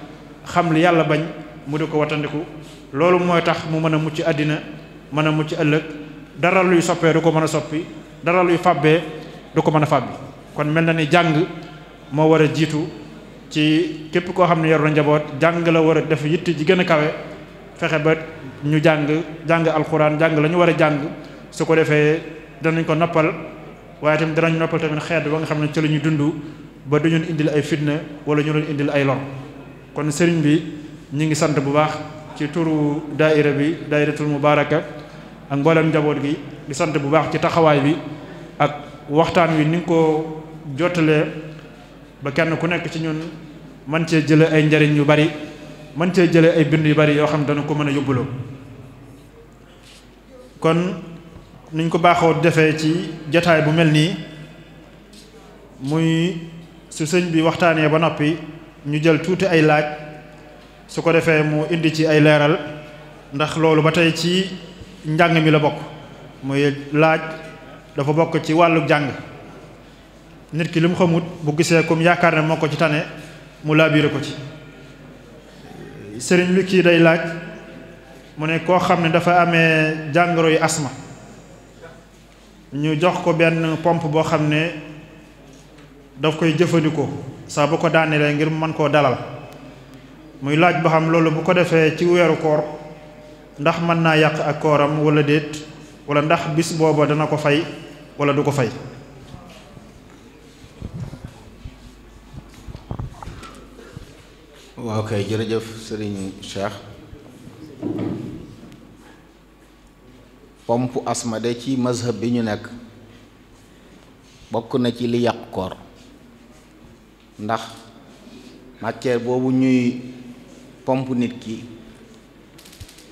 xam li yàlla bañ mu di ko wattandiku loolu mooy tax mu mën a mucc àddina mën a mucc ëllëg dara luy soppee du ko mën a soppi dara luy fàbbee du ko mën a fàbbi kon mel na ni jàng moo war a jiitu ci képp koo xam ne yor na njaboot jàng la war a def yitt ji gën a kawe fexe ba ñu jàng jàng alxuraan jàng la ñu war a jàng su danañ ko noppal waaye tamit danañ noppal tamit xeet ba nga xam ne ci la ñuy dund ba du duñu indil ay fitna wala ñu leen indil ay lor kon sëriñ bi ñu ngi sant bu baax ci turu daa daaira bi daairatul mubaaraka ak mboolem njaboot gi di sant bu baax ci taxawaay bi ak waxtaan wi ni nga ko jottalee ba kenn ku nekk ci ñun man cee jële ay njariñ yu bari man cee jële ay bind yu bari yoo xam ne dana ko mën a yóbbuloo kon nuñ ko baaxoo defee ci jataay bu mel nii muy su sëñ bi waxtaanee ba noppi ñu jël tuuti ay laaj su ko defee mu indi ci ay leeral ndax loolu ba tey ci njàng mi la bokk muy laaj dafa bokk ci wàllu jàng nit ki li mu xamut bu gisee comme yaakaar ne moo ko ci tane mu laabiire ko ci sëriñ bi kii day laaj mu ne koo xam ne dafa amee jàngoro yu asma ñu jox ko benn pomp boo xam ne daf koy jëfandikoo saa bu ko daanelee ngir mën koo dalal muy laaj ba xam loolu bu ko defee ci weeru koor ndax mën naa yàq ak kooram walla déet wala ndax bis booba dana ko fay wala du ko fay waaw jërëjëf Serigne Cheikh pompe asma de ci mazhab bi ñu nekk bokk na ci li yàq koor ndax matière boobu ñuy pompe nit ki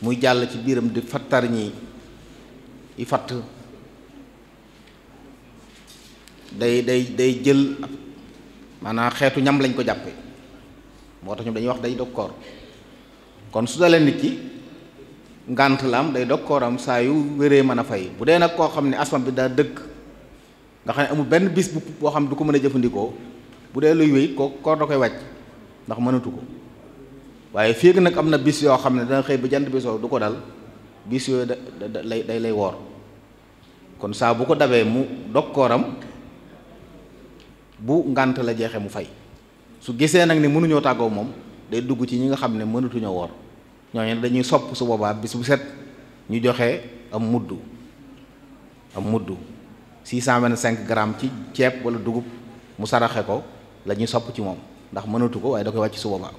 muy jàll ci biiram di fattarñi ñi fatt day day day jël maanaam xeetu ñam lañ ko jàppe moo tax ñoom dañuy wax day dog koor kon su dalee nit ki ngànt la am day dog kooram saa yu wéree mën a fay bu dee nag koo xam ne asma bi daa dëkk nga xam ne amul benn biis bu boo xam ne du ko mën a jëfandikoo bu dee luy wéy ko koor da koy wàcc ndax mënatu ko waaye fii nag am na bis yoo xam ne danga xëy ba jant bi soo du ko dal bis yooyu da lay day lay woor kon saa bu ko dabee mu dog kooram bu ngànt la jeexee mu fay su gisee nag ni mënuñoo tàggoo moom day dugg ci ñi nga xam ne mënatuñoo woor ñooñu dañuy sopp su boobaa bis bu set ñu joxe am mudd am mudd cinq gramme ci ceeb wala dugub mu saraxe ko lañuy sopp ci moom ndax mënatu ko waaye da koy wàcc su boobaa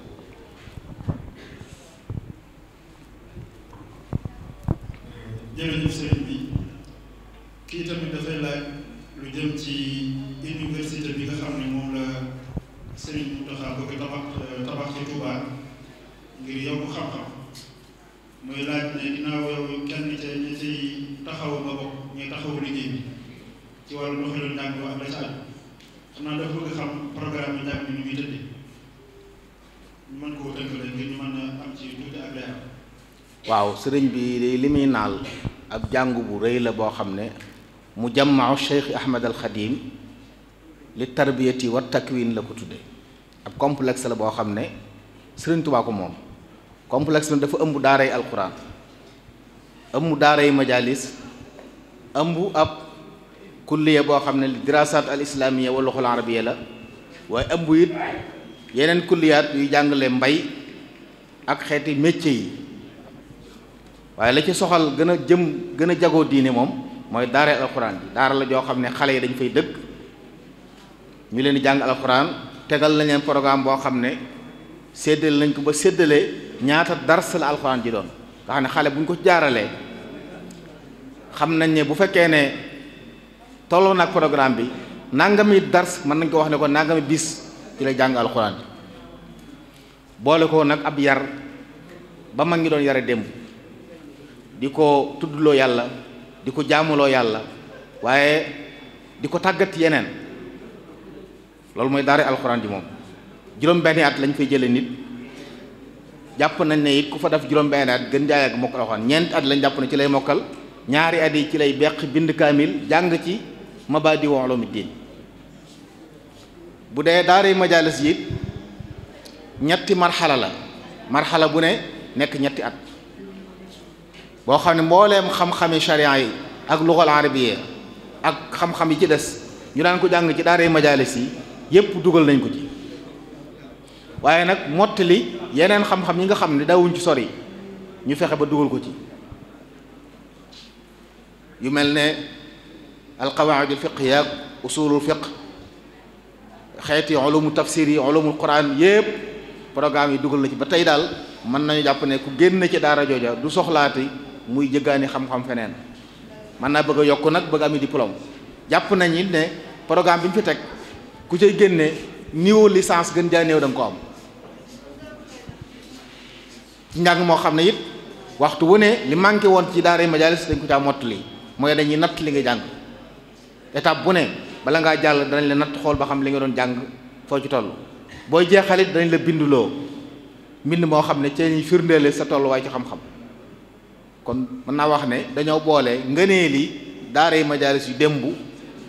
jërëjëf sëriñ bi kii tamit dafay laaj lu jëm ci université bi nga xam ne moom la sëriñ Mountakha bëgg tabax tabax ci Touba ngir yokk xam-xam muy laaj ne ginnaaw yow kenn ca ñi nga bokk ñuy taxaw liggéey bi ci wàllu doxalin njàng mi ak la xam naa dafa bëgg xam programme njàng mi ni muy tëddee ñu mën koo tënkale ngir ñu am ci tuuti ak leeral waaw sëriñ bi li muy naal ab jàng bu rëy la boo xam ne mu jàmmaaw Cheikh Ahmed al Khadim li tarbiyati wa takwin la ko tudde ab complexe la boo xam ne sëriñ Tuubaa ko moom complex nag dafa ëmb daaray alquran ëmb daaray majalis ëmb ab kulliya boo xam ne dirasat al islamiyya wala xul la waaye ëmb it yeneen kulliyaat yuy jàngale mbay ak xeeti métier yi waaye la ci soxal gën a jëm gën a jagoo diine moom mooy daaray alquran bi daara la joo xam ne xale yi dañ koy dëkk ñu leen di jàng alquran tegal nañ leen programme boo xam ne séddale nañ ko ba seddale ñaata dars la alxuraan ji doon nga xam ne xale bu ñu ko jaaralee xam nañ ne bu fekkee ne tolloo nag programme bi nangami dars mën nañ ko wax ne ko nangami bis ci la jàng alxuraan ji boole ko nag ab yar ba ma ngi doon yara démb di ko tuddloo yàlla di ko jaamuloo yàlla waaye di ko tàggat yeneen loolu mooy daara alxuraan ji moom juróom benni at lañ fay jële nit jàpp nañ ne it ku fa def juróom-benn at gën jaay ak mokkal alxuraan ñeent at lañ jàpp ne ci lay mokkal ñaari at yi ci lay beq bind kaamil jàng ci mabaadi wa ulumuddin bu dee daaray majalis yi ñetti marxala la marxala bu ne nekk ñetti at boo xam ne mbooleem xam-xami sharia yi ak luxal arabiya ak xam-xam yi ci des ñu daan ko jàng ci daaray majalis yi yépp dugal nañ ko ci waaye nag li yeneen xam-xam yi nga xam ni dawuñ ci sori ñu fexe ba dugal ko ci yu mel ne alqawaidul fiq yaag usulul fiq xeeti ulumu tafsir yi ulumul quran yépp programme yi dugal na ci ba tey daal mën nañu jàpp ne ku génn ci daara jooja du soxlaati muy jëggaani xam-xam feneen mën naa bëgg a yokk nag bëgg ami diplôme jàpp nañ ne programme bi ñu fi teg ku cay génne niveau licence gën jaa néew ko am ci njàng moo xam ne it waxtu wu ne li manqué woon ci daara majalis dañ ko mott mottali mooy dañuy natt li nga jàng étape bu ne bala ngaa jàll danañ la natt xool ba xam li nga doon jàng foo ci toll booy jeexalit danañ la binduloo mbind moo xam ne ci lañuy firndeele sa tolluwaay ci xam kon mën naa wax ne dañoo boole ngënee li daara majalis yu démb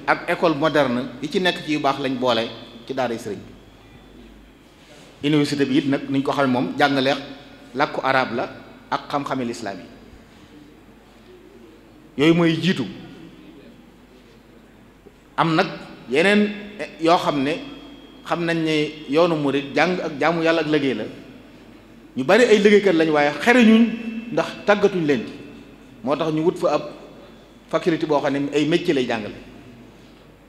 ak école moderne yi ci nekk ci yu baax lañ boole ci daara sëriñ bi université bi it nag niñ ko xam ne moom jàngaleex làkku arab la ak xam-xame lislaam yi yooyu mooy jiitu am nag yeneen yoo xam ne xam nañ ne yoonu murit jàng ak jaamu yàlla ak liggéey la ñu bari ay liggéeykat lañ waaye xereñuñ ndax tàggatuñ leen ci moo tax ñu wut fa ab faculté boo xam ne ay métier lay jàngale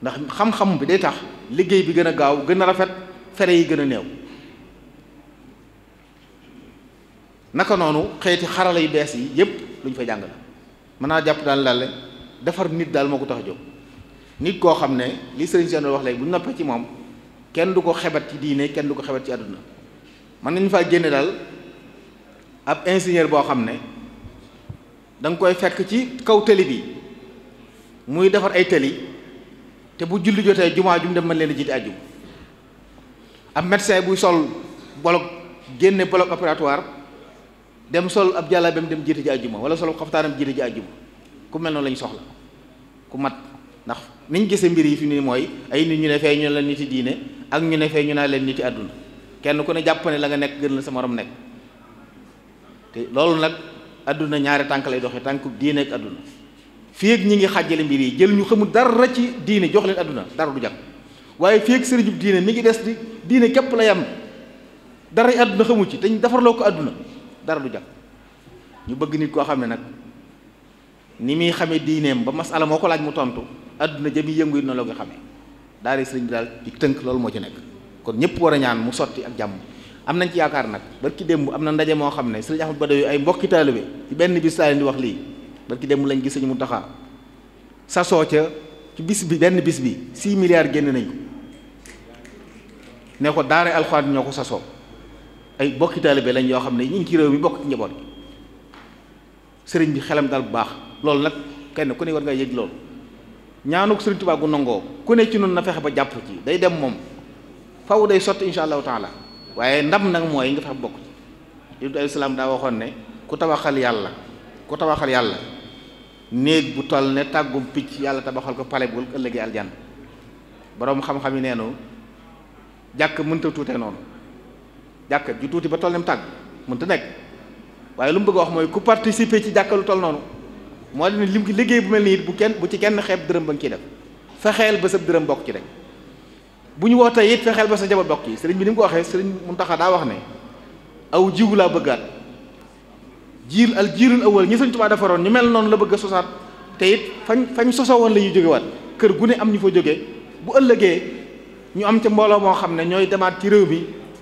ndax xam-xam bi day tax liggéey bi gën a gaaw gën a rafet fere yi gën a néew naka noonu xeeti xarala yu bees yi yépp lu ñu fay jàng la mën naa jàpp daal laale defar nit daal moo ko tax a jóg nit koo xam ne li sëriñ seen wax léegi bu ñu noppee ci moom kenn du ko xebat ci diine kenn du ko xebat ci àdduna mën nañu faa génne daal ab ingénieur boo xam ne danga koy fekk ci kaw tëli bi muy defar ay tëli te bu julli jotee jumaa jum dem mën leen jiite ajjum ab médecin buy sol bolog génne bolog opératoire dem sol ab jàllaabeem dem jiite ji àjjuma wala sol xaftaanam jiite ji àjjuma ku mel noonu la ñu soxla ku mat ndax niñ gisee mbir yi fi nii mooy ay nit ñu ne fee ñu la diine ak ñu ne fee ñu naa leen niti àdduna kenn ku ne jàpp ne la nga nekk gën la sa morom nekk te loolu nag àdduna ñaari tànk lay doxee tànku diine ak àdduna fii ak ñi ngi xàjjale mbir yi jël ñu xamul dara ci diine jox leen àdduna dara du jàpp waaye fii ak sëriñub diine mi ngi des di diine képp la yam dara àdduna xamu ci dañ defarloo ko àdduna dara du jag ñu bëgg nit koo xam ne nag ni muy xamee diineem ba masala moo ko laaj mu tontu àdduna ja jëmi yëngu it na loo ko xamee daal sëriñ bi daal ci tënk loolu moo ci nekk kon ñëpp war a ñaan mu sotti ak jàmm am nañ ci yaakaar nag barki démb am na ndaje moo xam ne sëriñ Ahmad Badawi ay mbokki taalibe ci benn bis saa leen di wax lii barki démb lañ gis mu Muntaxa sasoo ca ci bis bi benn bis bi 6 milliards génn nañ ko ne ko daara alxuraan ñoo ko sasoo ay bokki taalibe lañ yoo xam ne ñu ngi ci réew mi bokk ci njaboot gi sëriñ bi xelam dal bu baax loolu nag kenn ku ne war ngaa yëg loolu ñaanu sëriñ Tuubaa gu nangoo ku ne ci noonu na fexe ba jàpp ci day dem moom faw day sotti insha allahu taala waaye ndam nag mooy nga fexe bokk ci salaam daa waxoon ne ku tabaxal yàlla ku tabaxal yàlla néeg bu toll ne tàggum picc yàlla tabaxal ko pale bu ëllëgee aljan boroom xam-xam yi neenu jàkk mënta tuute noonu jàkka ju tuuti ba toll ni mu tàgg mënta nekk waaye lu mu bëgg a wax mooy ku participer ci jàkka lu toll noonu moo di ne liggéey bu mel nii bu kenn bu ci kenn xeeb dërëm ba nga ciy def fexeel ba sa dërëm bokk ci rek bu ñu wootee it fexeel ba sa njaboot bokk ci sëriñ bi ni mu ko waxee sëriñ Muntaxa daa wax ne aw jiwu laa bëggaat jiil al jiirul awal ñi sëñ Tuubaa defaroon ñu mel noonu la bëgg a sosaat te it fañ fañ sosoo woon la ñuy jógewaat kër gu ne am ñu fa jóge bu ëllëgee ñu am ca mbooloo moo xam ne ñooy demaat ci réew mi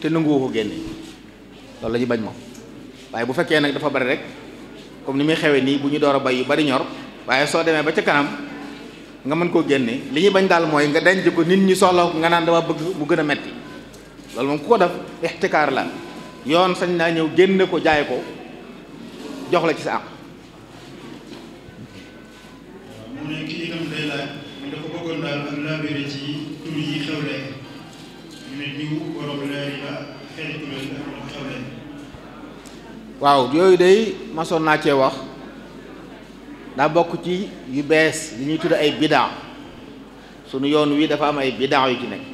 te nanguwoo ko génne loolu la ñu bañ moom waaye bu fekkee nag dafa bari rek comme ni muy xewee nii bu ñu door a bay yu bari ñor waaye soo demee ba ca kanam nga mën koo génne li ñuy bañ daal mooy nga denc ko nit ñi soxla ko nga naan dama bëgg mu gën a metti loolu moom ku ko def ixtikaar la yoon sañ naa ñëw génn ko jaay ko jox la ci sa am waaw yooyu day masoon naa cee wax daa bokk ci yu bees li ñuy tudd ay bidaa sunu yoon wi dafa am ay bidaa yu ci nekk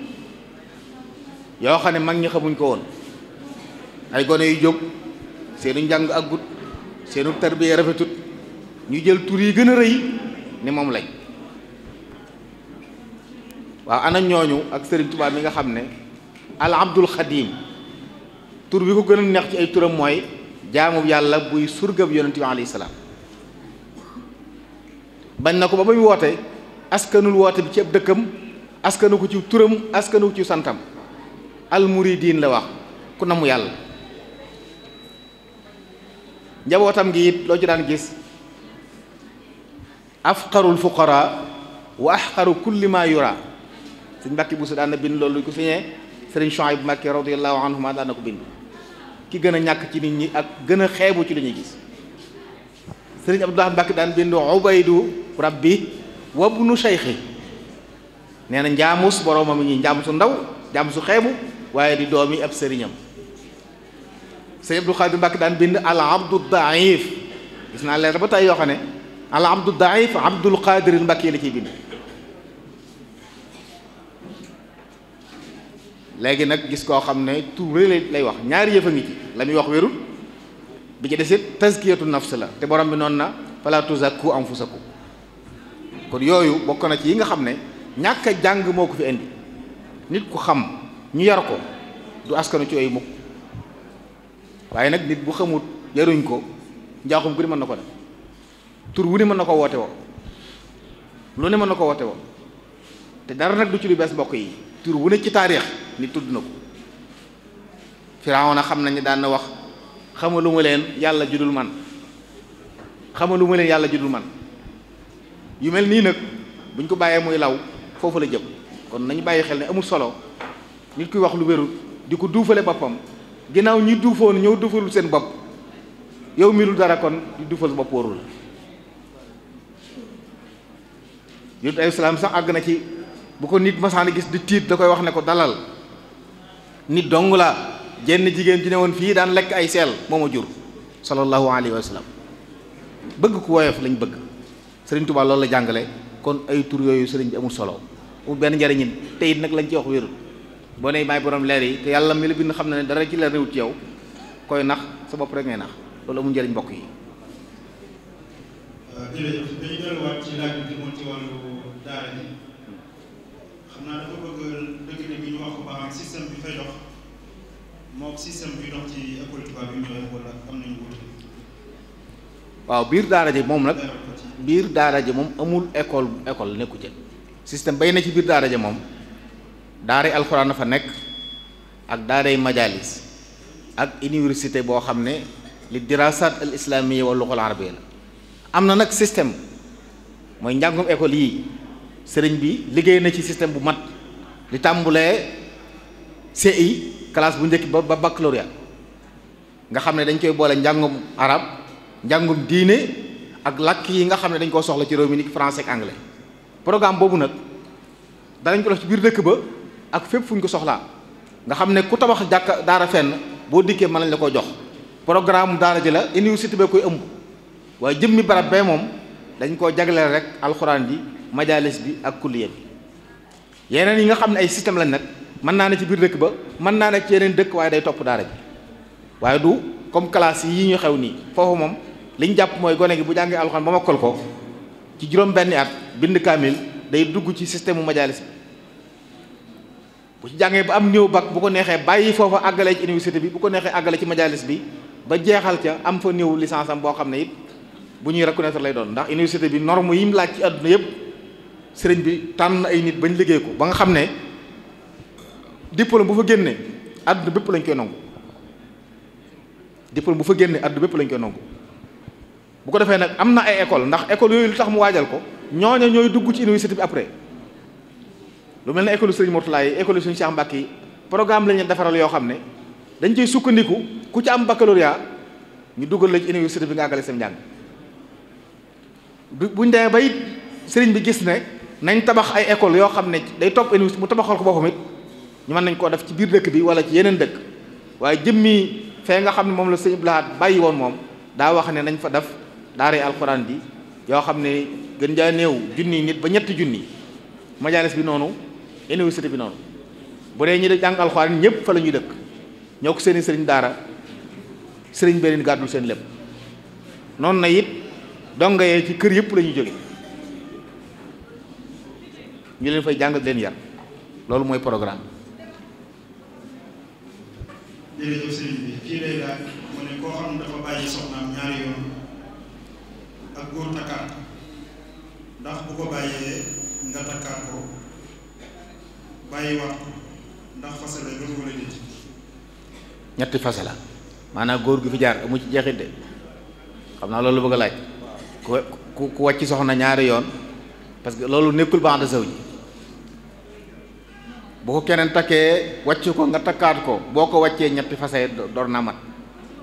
yoo xam ne mag ñi xamuñ ko woon ay gone yu jóg seenu njàng gut seenu tarbiya rafetut ñu jël tur yi gën a rëy ni moom lañ waaw ana ñooñu ak Sëriñ Tuubaa mi nga xam ne al abdul xadim tur bi ko gën a neex ci ay turam mooy jaamu yàlla buy surgab yonente bi alayhi salaam bañ na ko ba muy woote askanul woote bi ci ab dëkkam askanu ko ci turam askanu ko ci santam al muridin la wax ku namu yàlla njabootam gi it loo ci daan gis afqarul fuqara wa axqaru kulli ma yura suñ mbàkki bu su daan bind loolu ko fi ñee sëriñ Chouaïb Mbacké radiyallahu anhuma daan na ko bind ki gën a ñàkk ci nit ñi ak gën a xeebu ci lu ñuy gis sëriñ Abdullah Mbacké daan bind ubaydu rabbi wabnu cheikhi nee na njaamus boroomam ñi njaamusu ndaw njaamusu xeebu waaye di doomi ab sëriñam sëriñ Abdul Xaadir Mbacké daan bind al abdu daif gis naa leer ba tey yoo xam ne al abdu daif Abdul Xaadir Mbacké la ciy bind léegi nag gis koo xam ne tur rëy lay wax ñaari yëf a ci la muy wax wérul bi ci desit tazkiyatu nafs la te borom bi noon na ku fala tuzakku anfusakum kon yooyu bokk na ci yi nga xam ne ñàkk a jàng moo ko fi indi nit ku xam ñu yar ko du askanu ci yooyu mukk waaye nag nit bu xamut yaruñ ko njaaxum ku ni mën na ko def tur wu ni mën na ko woote woo lu ne mën na ko woote woo te dara nag du ci lu bees mbokk yi tur wu ne ci taarix ni tudd na ko firawna xam nañu daan wax wax xamalu ma leen yàlla judul man xamalu ma leen yàlla judul man yu mel nii nag buñ ko bàyyee muy law foofu la jëm kon nañu bàyyi xel ne amul solo nit kuy wax lu wérul di ko duufale boppam ginnaaw ñuy duufoon ñëw duufalul seen bopp yow mi dara kon di duufal bopp warul yonent alayhi salaam sax àgg na ci bu ko nit masaan gis di tiit da koy wax ne ko dalal nit dong la jenn jigéen ci ne woon fii daan lekk ay seel moo a jur sallallahu alayhi wa sallam bëgg ku woyof lañ bëgg sëriñ Tuubaa loolu la jàngale kon ay tur yooyu sëriñ bi amul solo amul benn njariñin te nag lañ ci wax wérul boo ne maay borom leer yi te yàlla mi la bind xam na ne dara ci leer réwut ci yow koy nax sa bopp rek ngay nax loolu amul njariñ mbokk yi moom système waaw biir daara ji moom nag biir daara ji moom amul école école nekku ci système bay na ci biir daara ji moom daaray alxuraan dafa nekk ak daaray majalis ak université boo xam ne li dirasat al islamiyya wal lughal arabiyya la am na nag système mooy njàngum école yii. sëriñ bi liggéey na ci système bu mat li tàmbulee CI classe bu njëkk ba ba baccalauréat nga xam ne dañ koy boole njàngum arab njàngum diine ak làkk yi nga xam ne dañ koo soxla ci réew mi ni français ak anglais programme boobu nag danañ ko def ci biir dëkk ba ak fépp fu ñu ko soxlaa nga xam ne ku tabax jàkka daara fenn boo dikkee mën nañ la ko jox programme daara ji la université bee koy ëmb waaye jëmmi barab bee moom dañ koo jagleel rek alxuraan ji majalis bi ak kulliya bi yeneen yi nga xam ne ay système lañ nag mën naa ne ci biir dëkk ba mën naa ne ci yeneen dëkk waaye day topp daara bi waaye du comme classe yi ñu xew nii foofu moom li jàpp mooy gone gi bu jàngee alxuraan ba mokkal ko ci juróom-benni at bind kaamil day dugg ci système mu majalis bi bu ci jàngee ba am néew bac bu ko neexee bàyyi foofa àggale ci université bi bu ko neexee àggale ci majalis bi ba jeexal ca am fa néew licence boo xam ne it bu ñuy reconnaître lay doon ndax université bi norme yi mu laaj ci àdduna yëpp. sëriñ bi tànn ay nit bañ liggéey ko ba nga xam ne diplôme bu fa génnee àdduna bépp lañ koy nangu diplôme bu fa génnee àdduna bépp lañ koy nangu bu ko defee nag am na ay école ndax école yooyu lu tax mu waajal ko ne ñooy dugg ci université bi après lu mel ne école sëriñ Mourtala yi école sëriñ Cheikh Mbacke yi programme lañu defaral yoo xam ne dañ cey sukkandiku ku ci am baccalauréat ñu dugal la ci université bi nga àggale seen njàng bu buñ demee ba sëriñ bi gis ne. nañ tabax ay école yoo xam ne day topp université bu tabaxal ko boppam it ñu mën nañ koo def ci biir dëkk bi wala ci yeneen dëkk waaye jëmmi fee nga xam ne moom la sëñ Abdou Lahad bàyyi woon moom daa wax ne nañ fa def daaree alxuraan bi yoo xam ne gën jaa néew junni nit ba ñetti junni majalis bi noonu université bi noonu bu dee ñu da jàng alxuraan ñëpp fa la ñuy dëkk ñoo ko seeni sëriñ daara sëriñ beneen gàddul seen lépp noonu na it donga yee ci kër yëpp la ñuy ñu leen fay jàngal leen yar loolu mooy programme bi. jërëjëf sëriñ bi kii mu ne koo xam dafa bàyyi soxnaam ñaari yoon ak góor takkaat ndax bu ko bàyyee nga takkaat bàyyi wax ndax fasala gën wala déet. ñetti fasala góor gi fi jaar amu ci jeexit de xam naa loolu bëgg a laaj ku ku wàcc soxna ñaari yoon. parce que loolu nekkul baax da saw ji bu ko keneen takkee wàcc ko nga takkaat ko boo ko wàccee ñetti fase door na mat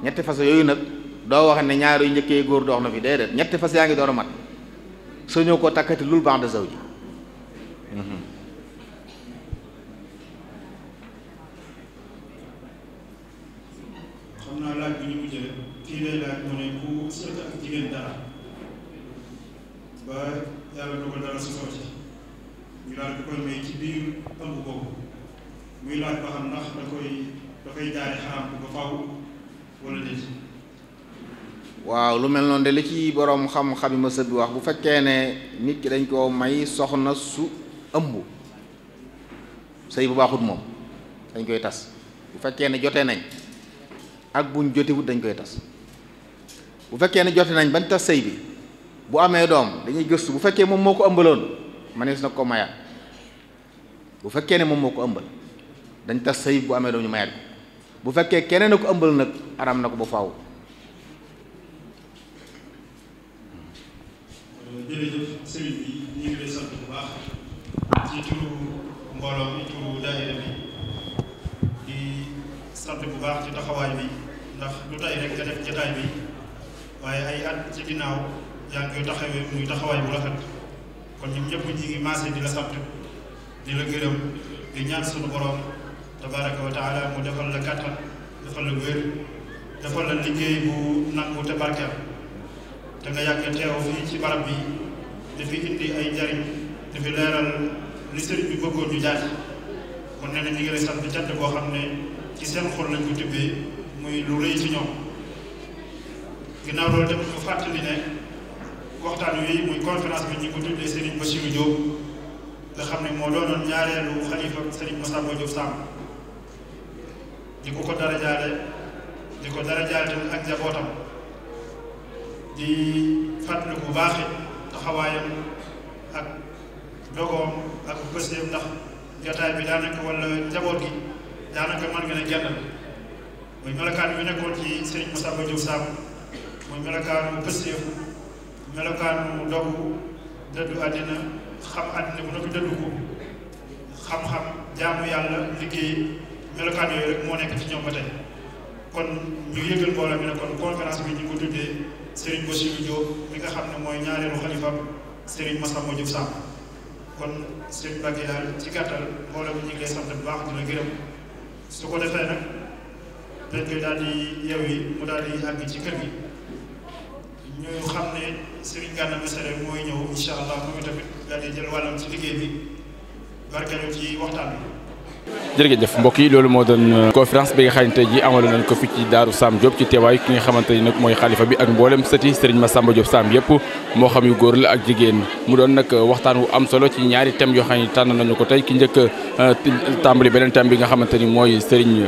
ñetti fase yooyu nag doo wax ne ñaari njëkkee góor dox na fi déedéet ñetti fase yaa ngi door a mat soo ñëw koo takkati jigéen dara waaw lu mel noonu de li ci boroom xam-xami ma bi wax bu fekkee ne nit ki dañ koo may soxna su ëmb sëy bu baaxut moom dañ koy tas bu fekkee ne jotee nañ ak buñ jotewut dañ koy tas bu fekkee ne jote nañ bañ tas sëy bi bu amee doom dañuy gëstu bu fekkee moom moo ko ëmbaloon manees na ko mayaat bu fekkee ne moom moo ko ëmbal dañ tas sëy bu amee doom ñu mayaat ko bu fekkee keneen na ko ëmbal nag aram na ko bu faw ci turu taxawaay bi ndax du tey rek nga def jataay bi waaye ay at ci ginnaaw. yaa ngi koy taxawee muy taxawaay bu rafet kon ñun ñëpp ñi ngi maase di la sant di la gërëm di ñaan suñu borom tabaraka wa mu defal la kàttan defal la wér defal la liggéey bu nangu te barkeel te nga yàgg teew fii ci barab bi dafi indi ay njariñ dafi leeral li sëriñ bi bëggoon ñu jaar kon nee na ñu ngi lay sant xam ne ci seen xol lañ ko tibbee muy lu rëy ci ñoom ginnaaw loolu tamit ñu fàttali ne waxtaan wi muy conférence bi ñu ko tuddee Serigne Bassirou Diop nga xam ne moo doonoon ñaareelu xalifa Serigne Massamba Diop Samb di ko ko dara jaale ak njabootam di bu baax taxawaayam ak dogoom ak bëseem bi daanaka wala njaboot gi daanaka mën nga ne genn muy melokaan bi nekkoon melokaan mu dëddu àddina xam àddina bu noppi dëddu ko xam-xam jaamu yàlla liggéey melokaan yooyu rek moo nekk ci ñoom ba tey kon ñu yëgal mbooloo mi ne kon conférence bi ñu ko tuddee Serigne Bassirou Diop mi xam ne mooy ñaareelu xalifam Serigne Massamba kon Serigne Mbacké daal ci gàttal mbooloo mi ñu ngi lay sant bu baax di la gërëm su ko defee nag dañ koy daal di yi mu daal di ci kër gi. ñu xam mbokk yi loolu moo doon euh, conférence bi nga xamante ji amaloon nañ ko fi ci Daaru saam Diop ci teewaay ki nga xamante ni nag mooy xalifa bi ak mboolem sëti ma Massamba Diop saam yëpp moo xam yu góor la ak jigéen mu doon nag euh, waxtaan wu am solo ci ñaari thèmes yoo xam ne nañu ko tey ki njëkk euh, tàmbali beneen thème bi nga xamante ni mooy sëriñ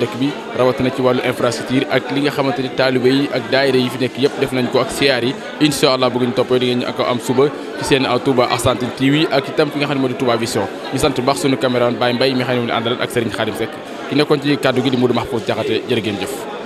dëkk bi rawatina ci wàllu infrastructure ak li nga xamante ni taalibe yi ak daayira yi fi nekk yëpp def nañ ko ak siyaar yi incha allah bëgg ñu toppee di ngeen ñu am suba ci seen Touba Argentine TV ak itam fi nga xam ne moo di Touba Vision sant baax sunu caméraman Baye Mbaye mi xam ne mu ne àndal ak Serigne Khadim Seck ki nekkoon ci kàddu gi di Modou Mahfouz Diakhaté jërë ngeen jëf